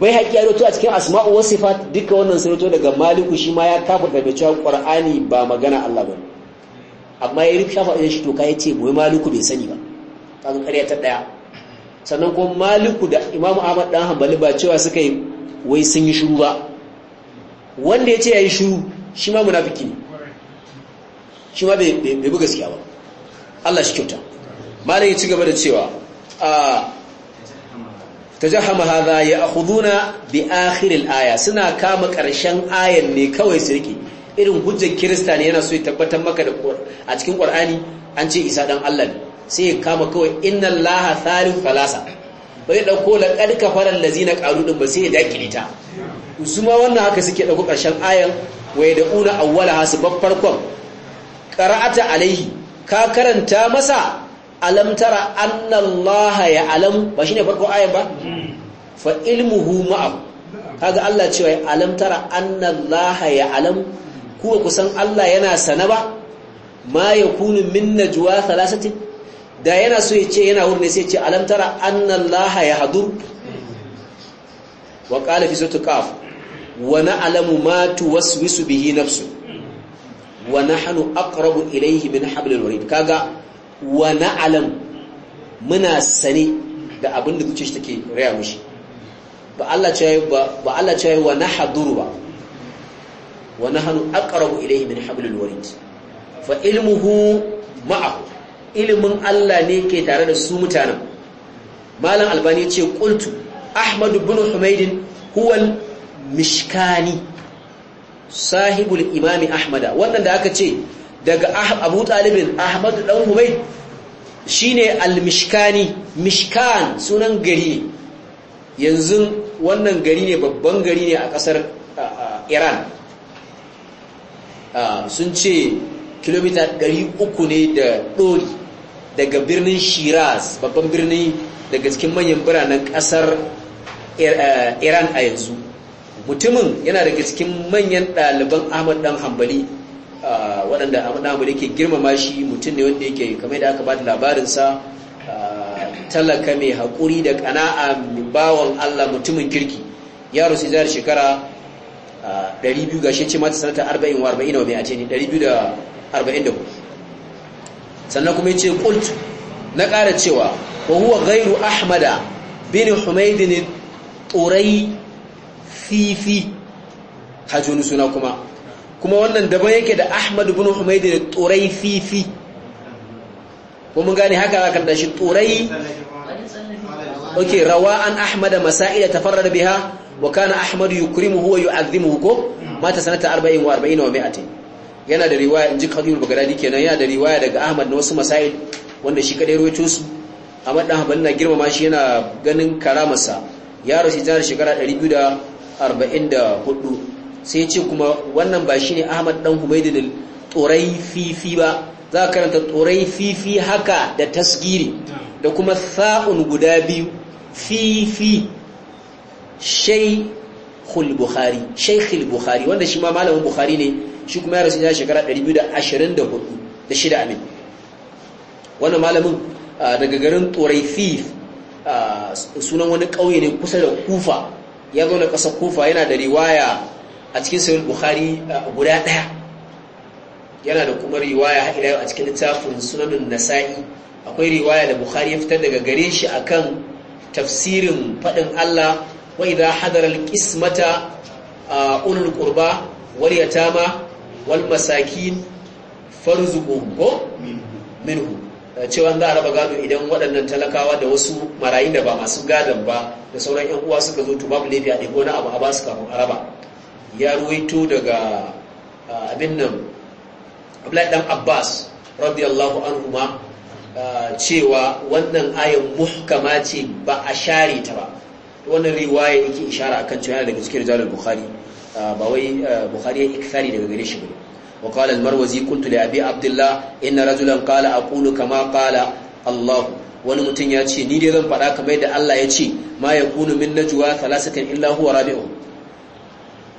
bai haƙi a roto a cikin asma'u wa sifat duka wannan sai roto daga maliku shi ma ya kafa da cewa qur'ani ba magana Allah ba amma ya kafa shafa shi to kai ce mu maliku bai sani ba kaga ƙarya ta daya sannan kuma maliku da imamu ahmad dan hanbali ba cewa suka yi wai sun yi shuru ba wanda ya ce ya yi shuru shi ma munafiki ne shi ma bai bi gaskiya ba Allah shi kyauta malin ya ci gaba da cewa a tajahama hadha ya'khuduna bi akhirin aya suna kama karshen ayan ne kawai su rike irin hujjar kirista ne yana so ya tabbatar maka da a cikin qur'ani an ce isa dan Allah ne sai ya kama kawai inna Laha tsarin falasa ba zai da, la qad kafara allazina qalu ba sai ya dakile ta su ma wannan haka suke ɗauko karshen ayan una awwala hasu su farkon ƙara'ata alaihi ka karanta masa alam tara laha ya alam ba shi ne farkon ayan ba fa ilmuhu ma'ahu kaga Allah cewa alam tara laha ya alam kuwa kusan Allah yana sana ba ma ya kunu minna juwa thalathatin da yana so ya ce yana wurin sai ce alam tara annallaha yahdur wa qala fi suratul qaf wa na'lamu ma tuwaswisu bihi nafsu wa nahnu aqrabu ilayhi min hablil warid kaga wa na'lam muna sane da abin da zuciyarsa take raya mushi ba Allah ce ba Allah ce wa nahduru ba wa nahnu aqrabu ilayhi min hablil warid fa ilmuhu ma'ahu ilimin Allah ne ke tare da su mutanen malam albani ce kultu ahmad ibn humayd huwal mishkani sahibul imami ahmada wannan da aka ce daga abu talibin ahmad dan humayd shine al-mishkani mishkan sunan gari ne yanzu wannan gari ne babban gari ne a kasar iran sun ce kilomita 300 ne da ɗori daga birnin shiraz babban birni daga cikin manyan biranen kasar er-, eh, iran a yanzu mutumin yana daga cikin manyan ɗaliban ahmad dan hambali eh, waɗanda ahmad dan hambali ke girmama shi mutum ne wanda yake kamar da aka da labarinsa eh, talaka mai haƙuri da ƙana'a bawan allah mutumin kirki yaro sai zai shekara 200 gashi ce mata sanata 40 wa 40 wa mai a ce ne sannan kuma ce qult na ƙara cewa wa huwa ghairu ahmada bin humaydin turai fifi hajjoni suna kuma kuma wannan daban yake da ahmad bin humaydin turai fifi kuma mun gane haka aka dashi turai ok rawa an masaida ta tafarrad biha wa kana ahmad yukrimuhu wa yu'azzimuhu ko mata sanata 40 wa 40 wa 100 yana da riwaya ji Khalil bagadadi kenan yana da riwaya daga Ahmad na wasu masail wanda shi kadai ruwaito su Ahmad dan Hanbal na girmama shi yana ganin karamarsa ya rashi jar shekara 244 sai ya ce kuma wannan ba shine Ahmad dan Humaydin al fifi ba za ka karanta fifi haka da tasgiri da kuma sa'un guda biyu fifi shaykhul bukhari shaykhul bukhari wanda shi ma malamin bukhari ne shi kuma ya rasu ya shekara 224 da shida amin wannan malamin daga garin turaifif sunan wani ƙauye ne kusa da kufa ya zo na ƙasar kufa yana da riwaya a cikin sayar bukhari guda ɗaya yana da kuma riwaya haɗe a cikin littafin sunanin nasa'i akwai riwaya da buhari ya fitar daga gare shi akan tafsirin faɗin allah wa ƙismata a ƙunar ƙurba wani ya tama. wal masakin farzuqum ko minhu eh, cewa za a raba gado idan waɗannan talakawa da wasu marayun da ba masu gadon ba da sauran yan uwa suka zo to babu a ɗaya wani abu a ba kafin a raba ya ruwaito daga eh, abin nan dan Abbas radiyallahu ma. Eh, cewa wannan ayan muhkama ce ba a share ta ba wannan riwaya yake ishara akan cewa daga cikin rijalar bukhari ba wai bukhari ya ikfari daga gare shi bane wa qala al-marwazi qultu li abi abdullah inna rajulan qala aqulu kama qala wani mutum ya ce ni dai zan faɗa kamar yadda Allah ya ce ma yakunu min najwa thalathatin illa huwa rabi'u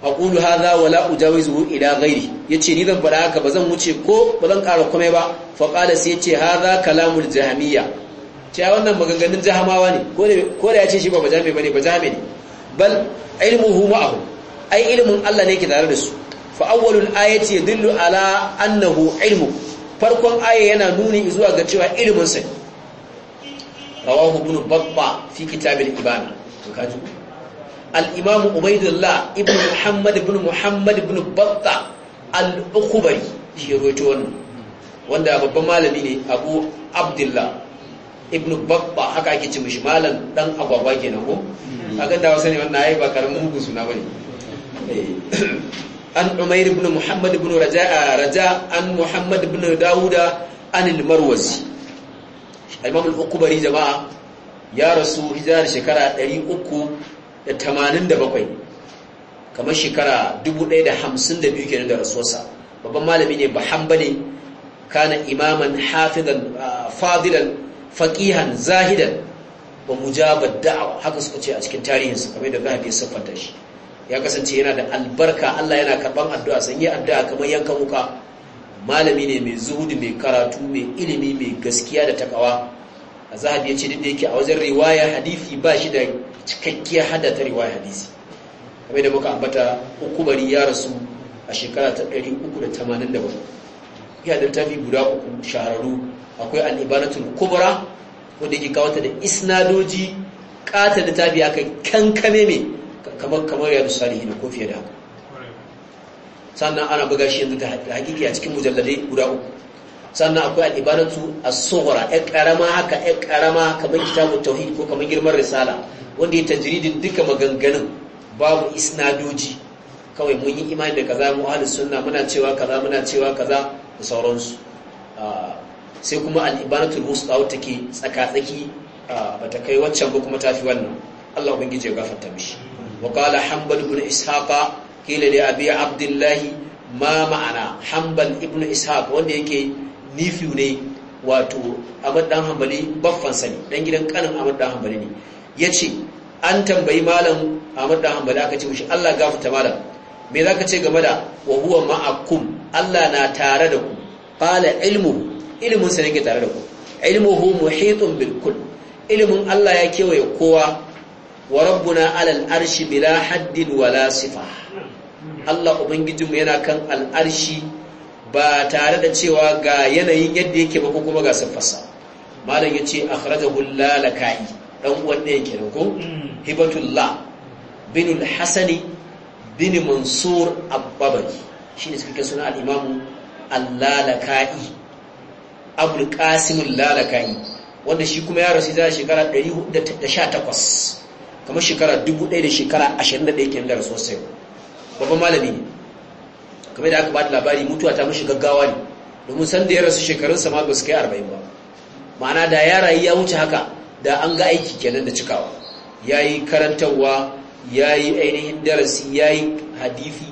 aqulu hadha wala ujawizuhu ila ghairi yace ni zan faɗa haka bazan wuce ko bazan ƙara komai ba fa qala sai yace hadha kalamul jahmiyya cewa wannan maganganun jahamawa ne ko da ya ce shi ba majami bane ba jami ne bal ilmuhu ma'ahu ai ilimin Allah ne ke tare da su fa awwalul ayati yadullu ala annahu ilmu farkon aya yana nuni zuwa ga cewa ilimin sa rawahu ibn babba fi kitab al-ibana kaji al-imam ubaydullah ibn muhammad ibn muhammad ibn babba al-ukhbari shi rawaito wannan wanda babban malami ne abu abdullah Ibn babba haka ake ce mishi malam dan agwagwa kenan ko ga da wasa ne wannan ayi ba karamin mugun suna bane an umair ibn muhammad ibn raja ah, raja an muhammad ibn dauda an al-marwazi imam al-ukbari jama'a ya rasu hijar shekara 387 kamar shekara 1052 kenan da rasuwarsa babban malami ne ba kana imaman hafizan ah, fadilan faqihan zahidan wa mujabad da'wa haka suka ce a cikin tarihinsa kamar da zahabi siffanta shi ya kasance yana da albarka Allah yana karban addu'a san yi addu'a kamar yanka muka malami ne mai zuhudi mai karatu mai ilimi mai gaskiya da takawa a zahabi ya ce duk da yake a wajen riwaya hadisi ba shi da cikakkiyar hada ta riwaya hadisi kamar da muka ambata hukumari ya rasu a shekara ta 387 ya da tafi guda uku shahararru akwai al'ibanatul kubra wanda yake kawata da isnadoji ƙata da tafi aka kankame mai kamar kamar ya misali ne ko fiye da haka sannan ana buga shi yanzu da hakiki a cikin mujalladai guda uku sannan akwai al'ibaratu a tsohora ya karama haka ya karama kamar kitabun tauhid ko kamar girman risala wanda ya tajiridin duka maganganun babu isnadoji kawai mun yi imani da kaza mu ahlus sunna muna cewa kaza muna cewa kaza da sauransu ah, sai kuma al'ibaratul da wata ke tsaka-tsaki ah, ba ta kai waccan ba kuma tafi wannan Allah ubangiji ya gafarta mishi وقال حنبل بن إسحاق قيل لأبي عبد الله ما معنا حنبل ابن إسحاق wanda yake nifiu ne wato Ahmad dan Hanbali baffan sani dan gidan kanin Ahmad dan Hanbali ne yace an tambayi malam Ahmad dan Hanbali aka ce mishi Allah gafarta malam me zaka ce game da wa huwa ma'akum Allah na tare da ku qala ilmu ilmun sa ke tare da ku ilmuhu muhitun bil kull ilmun Allah ya kewaye kowa wa rabbuna alal arshi bila haddin wala sifa Allah ubangijinmu yana kan al'arshi ba tare da cewa ga yanayin yadda yake ba ko kuma ga siffarsa malam yace akhrajahu lalakai dan uwan da yake ko mm. hibatullah bin al-hasan bin mansur abbabari shine suka suna al-imamu al-lalakai abul qasim al-lalakai wanda shi kuma ya rasu da shekara 418 kamar shekara dubu ɗaya da shekara ashirin da ɗaya kenan da sosai babban malami ne kamar da aka ba da labari mutuwa ta mashi gaggawa ne domin san da ya rasu shekarun sama ba su kai arba'in ba ma'ana da ya rayu ya wuce haka da an ga aiki kenan da cikawa ya yi karantarwa ya yi ainihin darasi ya yi hadifi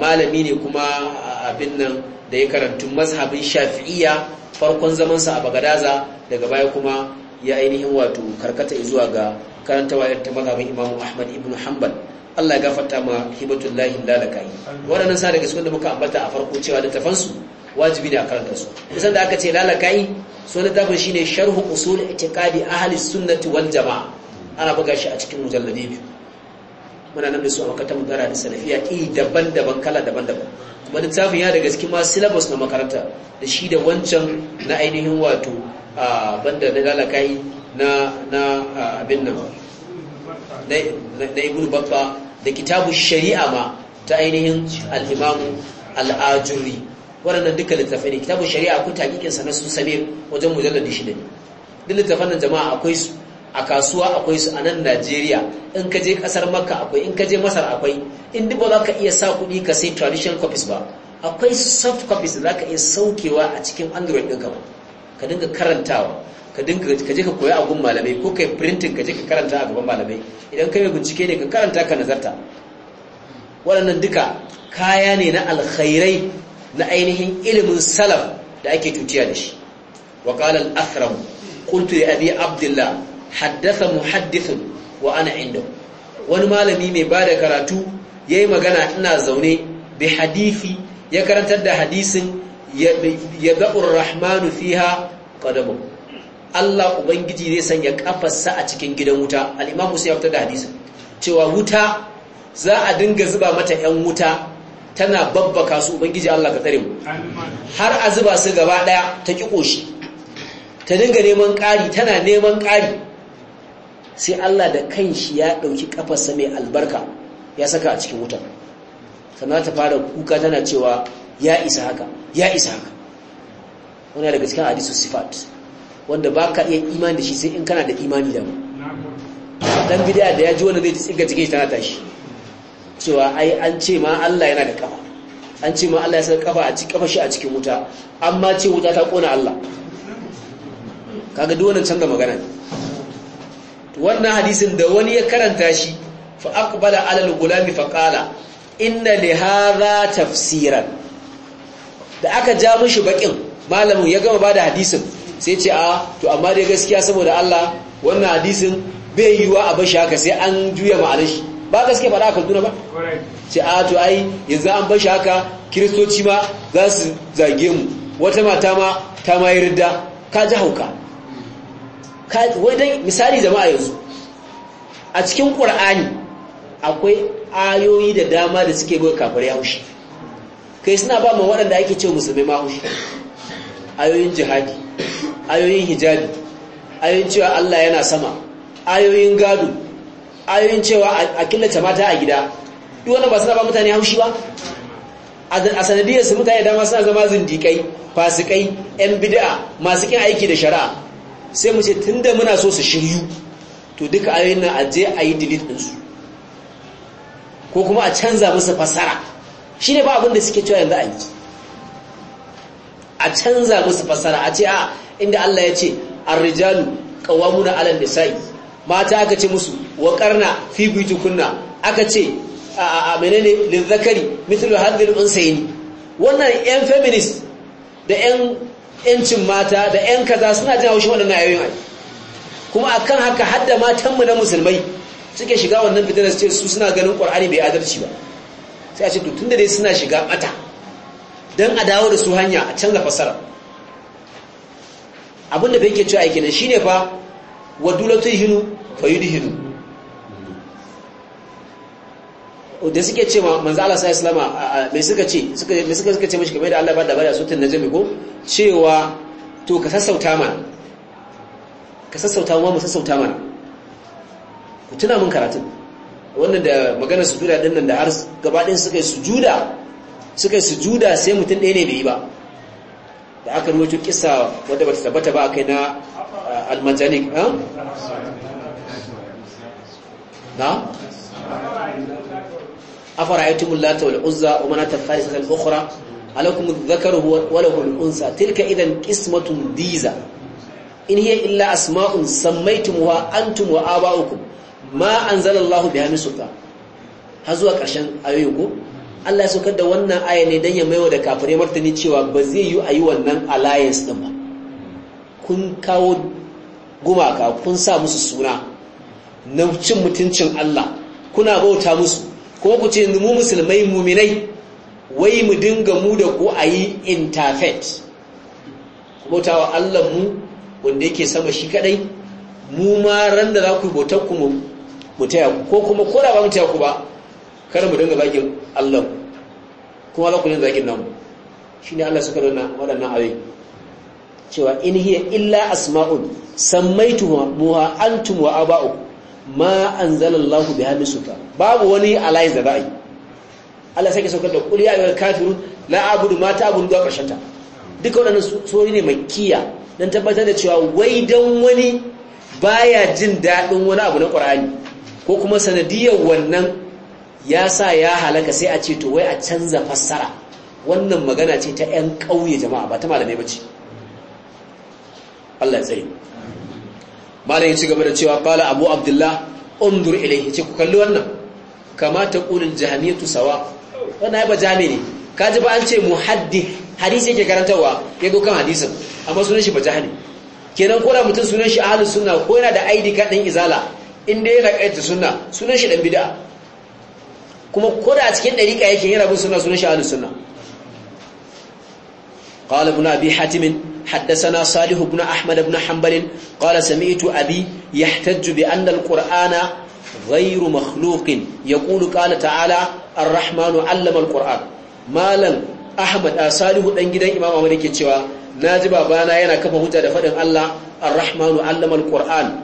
malami ne kuma abin nan da ya karantu mazhabin shafi'iyya farkon zamansa a bagadaza daga baya kuma ya ainihin wato karkata zuwa ga karanta wayar ta mazhabin Imam Ahmad ibn Hanbal Allah ya gafarta ma hibatullahi lalakai waɗannan sa daga cikin da muka ambata a farko cewa da tafansu wajibi ne a karanta su kusan da aka ce lalakai so shi shine sharhu usul itiqadi ahli sunnati wal jamaa ana buga shi a cikin mujalladi biyu muna nan su a mu gara da salafiya iri daban-daban kala daban-daban kuma littafin ya daga cikin ma syllabus na makaranta da shi da wancan na ainihin wato banda na lalakai na abin nan na bakka da kitabu shari'a ma ta ainihin al’imamu al’ajuri waɗannan duka littafai ne kitabu shari'a kun takikinsa na su same wajen mujallar da shi ne duk littafan nan jama'a akwai su a kasuwa akwai su a nan Najeriya in ka je kasar Makka akwai in ka je Masar akwai in duk ba za ka iya sa kuɗi ka sai traditional copies ba akwai soft copies da za ka iya saukewa a cikin Android ɗinka ba ka dinga karantawa ka dinka ka je ka koya a gun malamai ko kai printing ka je ka karanta a gaban malamai idan kai mai bincike ne ka karanta ka nazarta waɗannan duka kaya ne na alkhairai na ainihin ilimin salaf da ake tutiya da shi wa qala al-akram qultu li abi abdullah haddatha muhaddith wa ana wani malami mai bada karatu yayi magana ina zaune bi hadisi ya karantar da hadisin yad'u ar-rahmanu fiha qadamu Allah ubangiji zai sanya kafarsa a cikin gidan wuta al-imam musa ya fitar da hadisin cewa wuta za a dinga zuba mata ƴan wuta tana babbaka su ubangiji Allah ka tsare mu har a zuba su gaba daya ta ki koshi ta dinga neman ƙari tana neman ƙari sai Allah da kanshi ya ɗauki kafarsa mai albarka ya saka a cikin wutar sannan ta fara kuka tana cewa ya isa haka ya isa haka wannan daga cikin hadisin sifat wanda ba ka iya imani da shi sai in kana da imani da mu dan bidiya da ya ji wani zai tsiga cikin shi tana tashi cewa ai an ce ma Allah yana da kafa an ce ma Allah ya saka kafa a cikin kafa shi a cikin wuta amma ce wuta ta kona Allah kaga duk wannan canza magana ne wannan hadisin da wani ya karanta shi fa aqbala ala al-gulami fa qala inna li hadha tafsiran da aka ja mishi bakin malamin ya gama bada hadisin sai ce a ah, to amma dai gaskiya saboda Allah wannan hadisin bai yiwuwa a bashi haka sai an juya ma'anar shi ba gaskiya faɗa a kaduna ba ce a ah, to ai yanzu an bashi haka kiristoci ma za su zage mu wata mata ma ta ma yarda ka ji hauka wadai misali jama'a yanzu a cikin ƙur'ani akwai ayoyi da dama da suke bai kafar ya haushi kai suna ba ma waɗanda ake ce musulmai ma haushi ayoyin jihadi ayoyin hijabi ayoyin cewa Allah yana sama ayoyin gado ayoyin cewa a killace mata a gida duk wanda ba suna ba mutane haushi ba a sanadiyar su mutane dama suna zama zindikai fasikai yan bid'a masu kin aiki da shari'a sai mu ce tunda muna so su shiryu to duka ayoyin nan a je a yi delete din su ko kuma a canza musu fasara shine ba abin da suke cewa yanzu a yi a canza musu fasara a ce a inda Allah ya ce ar-rijalu qawwamuna 'ala an-nisa'i mata aka ce musu wa qarna fi buyutukunna aka ce a menene lizakari mithlu hadhil unsayni wannan yan feminist da yan yancin mata da yan kaza suna jin haushin waɗannan ayoyin kuma akan haka hadda matanmu na musulmai suke shiga wannan fitinar ce su suna ganin Qur'ani bai adalci ba sai a ce to tunda dai suna shiga mata don a dawo da su hanya a canza fasara abinda bai ke cewa aiki shi shine fa wadulatun hinu fa yi hinu da suke ce ma manzo Allah sai islama mai suka ce suka mai suka suka ce mashi kamar da Allah ba da bada sutun na ko cewa to ka sassauta mana ka sassauta mu mu sassauta mana ku tuna mun karatun wannan da maganar su din dinnan da har gaba din suka yi sujuda suka sujuda sai mutum ɗaya ne bai yi ba da aka rubuta kisa wanda ba ta tabbata ba kai na eh, almajanik na? afara ya tumu lata wa al'uzza wa mana ta fari sassan ukura alaikum zakar wala hulunsa tilka idan kismatun diza in yi illa asma'un sammaitun wa antum wa aba'ukum ma an zala allahu biya misuka har zuwa ƙarshen ayoyi ko Allah ya saukar da wannan aya ne dan ya maiwa da kafire martani cewa ba zai yi a yi wannan alliance din ba kun kawo gumaka kun sa musu suna na cin mutuncin Allah kuna bauta musu ko ku ce mu musulmai muminai wai mu dinga mu da ku a yi interfaith bauta wa Allah mu wanda yake sama shi kadai mu ma ran da za ku bautar ku mu taya ku ko kuma ko da ba mu taya ku ba kada mu dinga bakin Allah kuma za ku dinga zagin namu ne Allah suka dana waɗannan ayoyi cewa in hiya illa asma'un muha antum wa aba'u ma anzalallahu biha min sultan babu wani alai da ba'i Allah sai ke saukar da qul ya ayyuhal kafirun la a'budu ma ta'budu ga ƙarshen ta duka wannan sori ne makkiya don tabbatar da cewa wai dan wani baya jin daɗin wani abu na Qur'ani ko kuma sanadiyar wannan ya sa ya halaka sai a ce to wai a canza fassara wannan magana ce ta 'yan ƙauye jama'a ba ta malamai ce Allah ya tsaye malam ci gaba da cewa kala abu abdullah undur ya ce ku kalli wannan kamata ƙunin jami'atu sawa wannan ya ba jami ne ji ba an ce muhaddi hadisi yake karantarwa ya dokan hadisin amma sunan shi ba ne. kenan ko mutum sunan shi ahalus sunna ko yana da ID card izala inda yana ƙaita sunna sunan shi ɗan bid'a kuma koda a cikin ɗariƙa yake yin rabin suna sunan sha'adun suna ƙala salihu buna ahmad buna hambalin ƙala sami'itu abi bi an dal ƙur'ana ghairu ya ƙulu ƙala ta'ala arrahmanu allamal malam ahmad a salihu ɗan gidan imam amur yake cewa na babana yana kafa hujja da faɗin allah arrahmanu allamal ƙur'an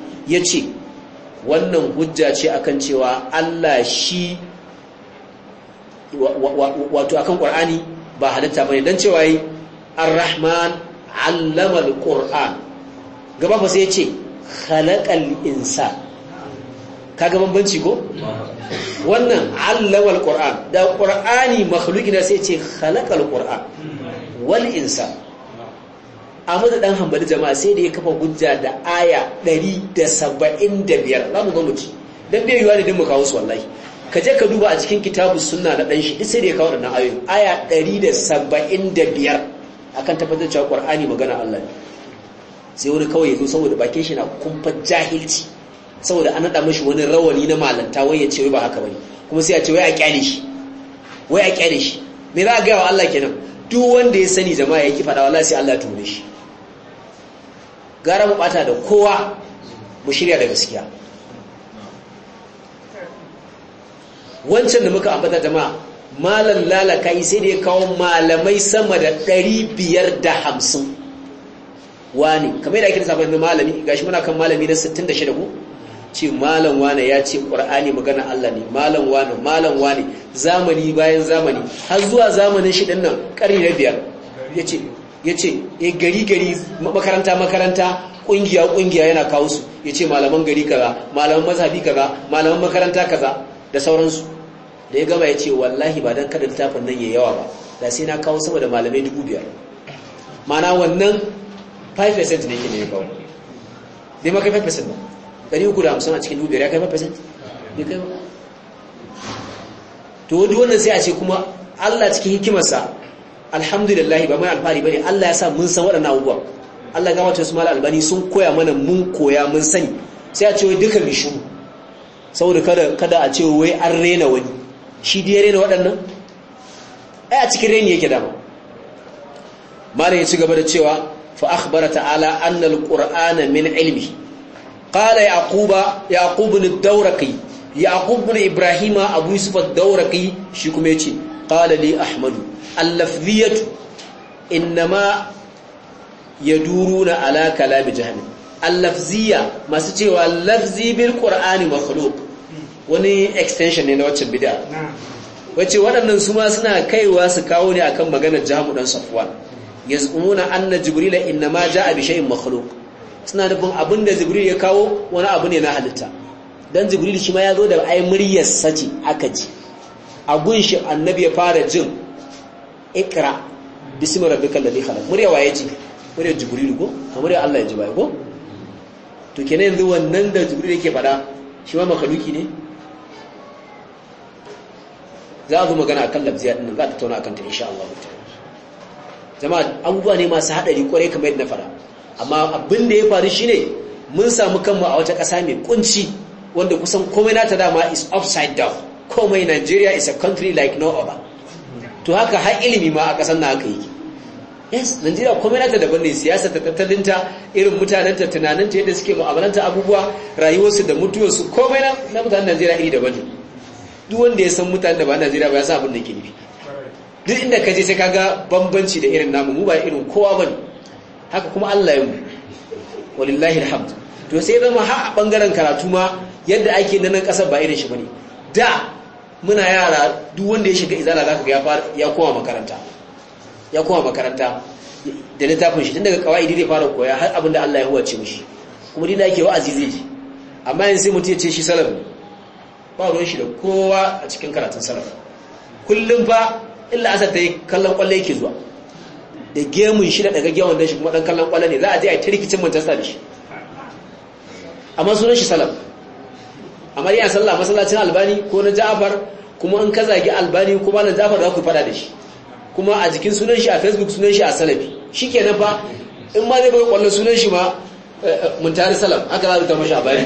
wannan hujja ce akan cewa allah shi wato akan qur'ani ba halitta bane dan cewa yi ar-rahman allama al-qur'an gaba fa sai yace khalaqal insa kaga bambanci ko wannan allama al-qur'an da qur'ani ne sai yace khalaqal qur'an wal amma da dan Hanbali jama'a sai da ya kafa hujja da aya 175 zamu ga muci dan bai yiwa ne din mu kawo su wallahi ka je ka duba a cikin kitabu sunna na dan shi sai da ya kawo da ayoyin aya 175 kan tabbatar cewa ƙwar'ani magana Allah ne sai wani kawai ya zo saboda bakin shi na kumfa jahilci saboda an naɗa mashi wani rawani na malanta wai ya ce wai ba haka ne. kuma sai ya ce wai a kyale shi wai a kyale shi me za a gaya wa Allah kenan duk wanda ya sani jama'a ya ki faɗa, wallahi sai Allah ya shi gara mu ɓata da kowa mu shirya da gaskiya wancan da muka ambata jama'a malam yi sai da ya kawo malamai sama da 550 wani kamar yadda ake da sabon malami gashi muna kan malami na 66 ko ce malam wani ya ce ƙwar'ani magana Allah ne malam wani malam wani zamani bayan zamani har zuwa zamanin shi nan ƙarni na biyar ya ce ya eh, gari gari makaranta makaranta ƙungiya ƙungiya yana kawo su ya ce malaman gari kaza malaman mazhabi kaza malaman makaranta kaza da sauransu da ya gaba ya ce wallahi ba don kada littafin nan ya yawa ba da sai na kawo sama da malamai dubu biyar mana wannan 5% ne ke ne ya kawo ne ma kai 5% ba ɗari uku da hamsin a cikin dubu biyar ya kai 5% bai kai ba to wani wannan sai a ce kuma allah cikin hikimarsa alhamdulillahi ba mai alfahari ba ne allah ya sa mun san waɗannan abubuwa allah ya wata su mala albani sun koya mana mun koya mun sani sai a ce wai duka mai saboda kada a ce wai an rena wani shi da ya rena waɗannan ai a cikin reni yake dama malam ya ci gaba da cewa fa akhbara ta'ala anna al min ilmi qala yaquba yaqub ibn dawraqi yaqub ibn ibrahima abu yusuf ad-dawraqi shi kuma yace qala li ahmad al-lafziyatu inma yaduruna ala kalam jahannam al masu cewa lafzi bil qur'ani makhluq wani extension ne na wacce bid'a wace waɗannan su ma suna kaiwa su kawo ne akan maganar jamu dan safwan yaz'umuna anna jibrila inma ja'a bi shay'in makhluq suna nufin abinda jibril ya kawo wani abu ne na halitta dan jibril shi ma ya zo da ai muryar sace aka ji a gunshi annabi ya fara jin ikra bismi rabbikal ladhi khalaq murya waye ji murya jibril ko murya Allah ya ji bai ko to kenan yanzu wannan da jibril yake faɗa shi ma makaluki ne za a zo magana akan labziya din za ta tauna akan ta insha Allah jama'a abubuwa ne masu hadari kwarai kamar yadda na faɗa amma abin da ya faru shine mun samu kanmu a wata ƙasa mai kunci wanda kusan komai nata dama is upside down komai Nigeria is a country like no other to haka har ilimi ma a ƙasar na haka yake yes Najeriya yana ta daban ne siyasa ta tattalinta irin mutanenta tunaninta yadda suke mu'amalanta abubuwa rayuwarsu da mutuwarsu komai na mutanen Najeriya iri daban ne duk wanda ya san mutanen da ba Najeriya ba ya san abin da ke nufi duk inda ka je sai ka ga bambanci da irin namu mu ba irin kowa ba ne haka kuma Allah ya mu walillahi alhamd to sai zama har a bangaren karatu ma yadda ake nan kasar ba irin shi bane da muna yara duk wanda ya shiga izala zaka ga ya koma makaranta ya koma makaranta da littafin shi tun daga kawaidi zai fara koya har abinda Allah ya huwace mishi kuma dina yake wa'azi zai ji amma yanzu sai mutum ya ce shi salaf ba ruwan shi da kowa a cikin karatun salaf kullum fa illa asar ta yi kallon kwallo yake zuwa da gemun shi da daga gemun dan shi kuma dan kallon kwallo ne za a je a tarikicin manchester da shi amma sunan shi salaf amma yana sallah masallacin albani ko na ja'far kuma in ka zagi albani kuma na ja'far za ku fada da shi kuma a jikin sunan shi a facebook sunan shi a salafi shi kenan fa in ma zai bai kwallo sunan shi ma eh, eh, muntari salam aka za ta mashi a bayan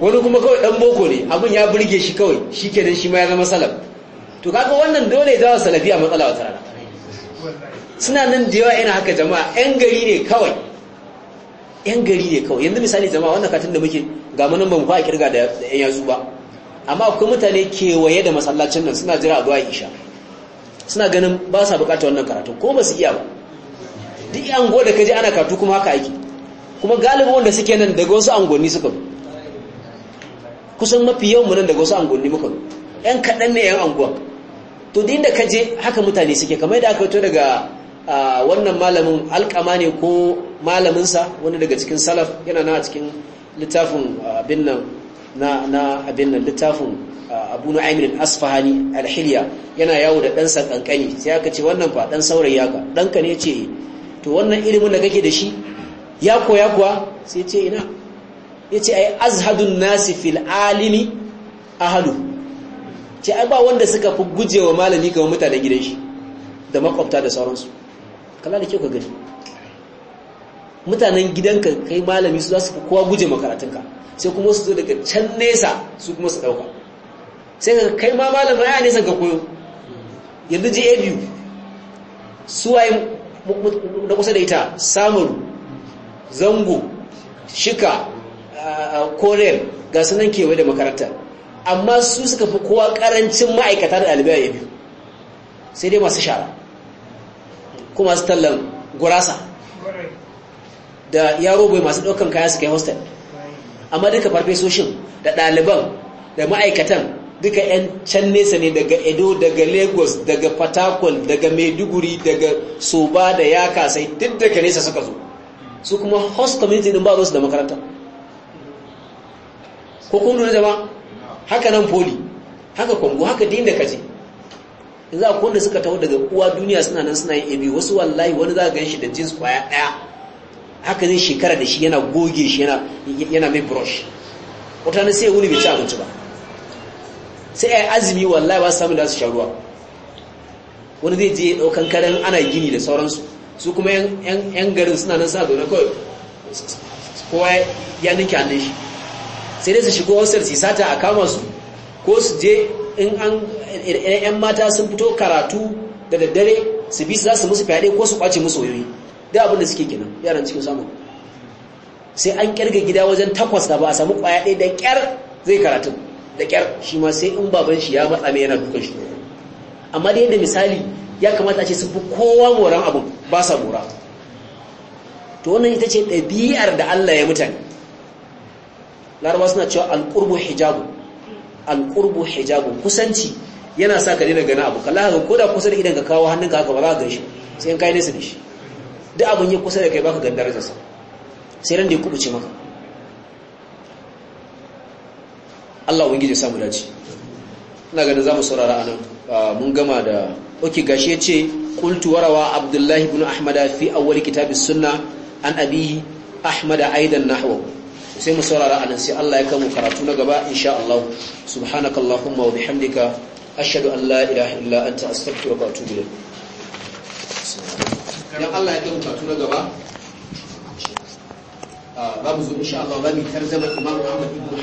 da wani kuma kawai dan boko ne abin ya burge shi kawai shi ke nan shi ma ya zama salam to kaka wannan dole zawa salafi a matsala wata rana suna nan da yawa yana haka jama'a yan gari ne kawai yan gari ne kawai yanzu misali jama'a wannan katin da muke ga manan ba mu fa'a kirga da yan yazu ba amma akwai mutane kewaye da masallacin nan suna jira zuwa isha suna ganin ba sa bukatar wannan karatu ko ba su iya ba duk ango da kaje ana karatu kuma haka yake kuma galibin wanda suke nan daga wasu angonni suka kusan mafi yawan mu daga wasu angonni muka yan kadan ne yan anguwa to da inda kaje haka mutane suke kamar da aka to daga wannan malamin alƙama ne ko sa wani daga cikin salaf yana na cikin littafin abin nan na na abin nan littafin Abu Nu'aym al-Asfahani al-Hilya yana yawo da dan kankani sai aka ce wannan fa dan saurayi haka danka ne ce to wannan ilimin da kake da shi ya koya kuwa sai ce ina yace ai azhadun nasi fil alimi ahlu ce ai ba wanda suka fi gujewa malami kamar mutanen gidan shi da makwabta da sauransu kala da ke ka gani mutanen gidanka kai malami su za su kowa guje makaratunka sai kuma su zo daga can nesa su kuma su dauka sai ka kai ma malam ya nesa ga koyo yanzu je biyu suwaye na kusa da ita samun zango shika korel ga sunan kewaye da makaranta amma su suka fi kowa karancin ma'aikata da ɗalibai ya biyu sai dai masu shara kuma su tallan gurasa da yaro bai masu ɗaukan kaya su kai hostel amma duka farfesoshin da ɗaliban da ma'aikatan duka 'yan can nesa ne daga edo daga lagos daga patakon daga maiduguri daga soba da yaka sai duk daga nesa suka zo su kuma host community din ba su da makaranta ko kuma na jama haka nan poli haka kwangu haka din da kaje yanzu a wanda suka taho daga uwa duniya suna nan suna yin ebi wasu wallahi wani za a gan shi da jins kwaya ɗaya haka zai shekara da shi yana goge shi yana mai brush wata sai wuni bai ci abinci ba sai yi azumi wallahi ba samun da su sha ruwa wani zai je daukan karen ana gini da sauransu su kuma yan garin suna nan sa zaune kawai kowa ya ninke hannun shi sai dai su shigo hostel su sata a kama su ko su je in an yan mata sun fito karatu da daddare su bi su za su musu fyaɗe ko su kwace musu wayoyi da abin da suke kenan yaran cikin samu sai an kirga gida wajen takwas da ba a samu kwaya ɗaya da kyar zai karatu da kyar shi ma sai in baban shi ya matsa mai yana dukan shi amma da yadda misali ya kamata a ce su fi kowa moran abu ba sa mora to wannan ita ce ɗabi'ar da Allah ya mutane larabawa suna cewa alƙurbu hijabu alƙurbu hijabu kusanci yana sa ka daina gana abu kallaha ga ko da kusa da idan ka kawo hannunka haka ba za ka gan shi sai in kai nesa da shi da abin yi kusa da kai baka gandar sa sai ran da ya kubuce maka Allah ubangiji ya samu dace ina ganin zamu saurara anan ah, mun gama da oke gashi yace qultu warawa abdullahi ibn ahmada fi awwal kitab as-sunnah an abi ahmada aidan nahwa sai mu saurara anan sai Allah ya kamu karatu na gaba insha Allah subhanakallahumma wa bihamdika ashhadu an la ilaha illa anta astaghfiruka wa atubu ilayk idan Allah ya kai bukatu na gaba babu ah, zo insha Allah zamu tarzama Imam Ahmad ibn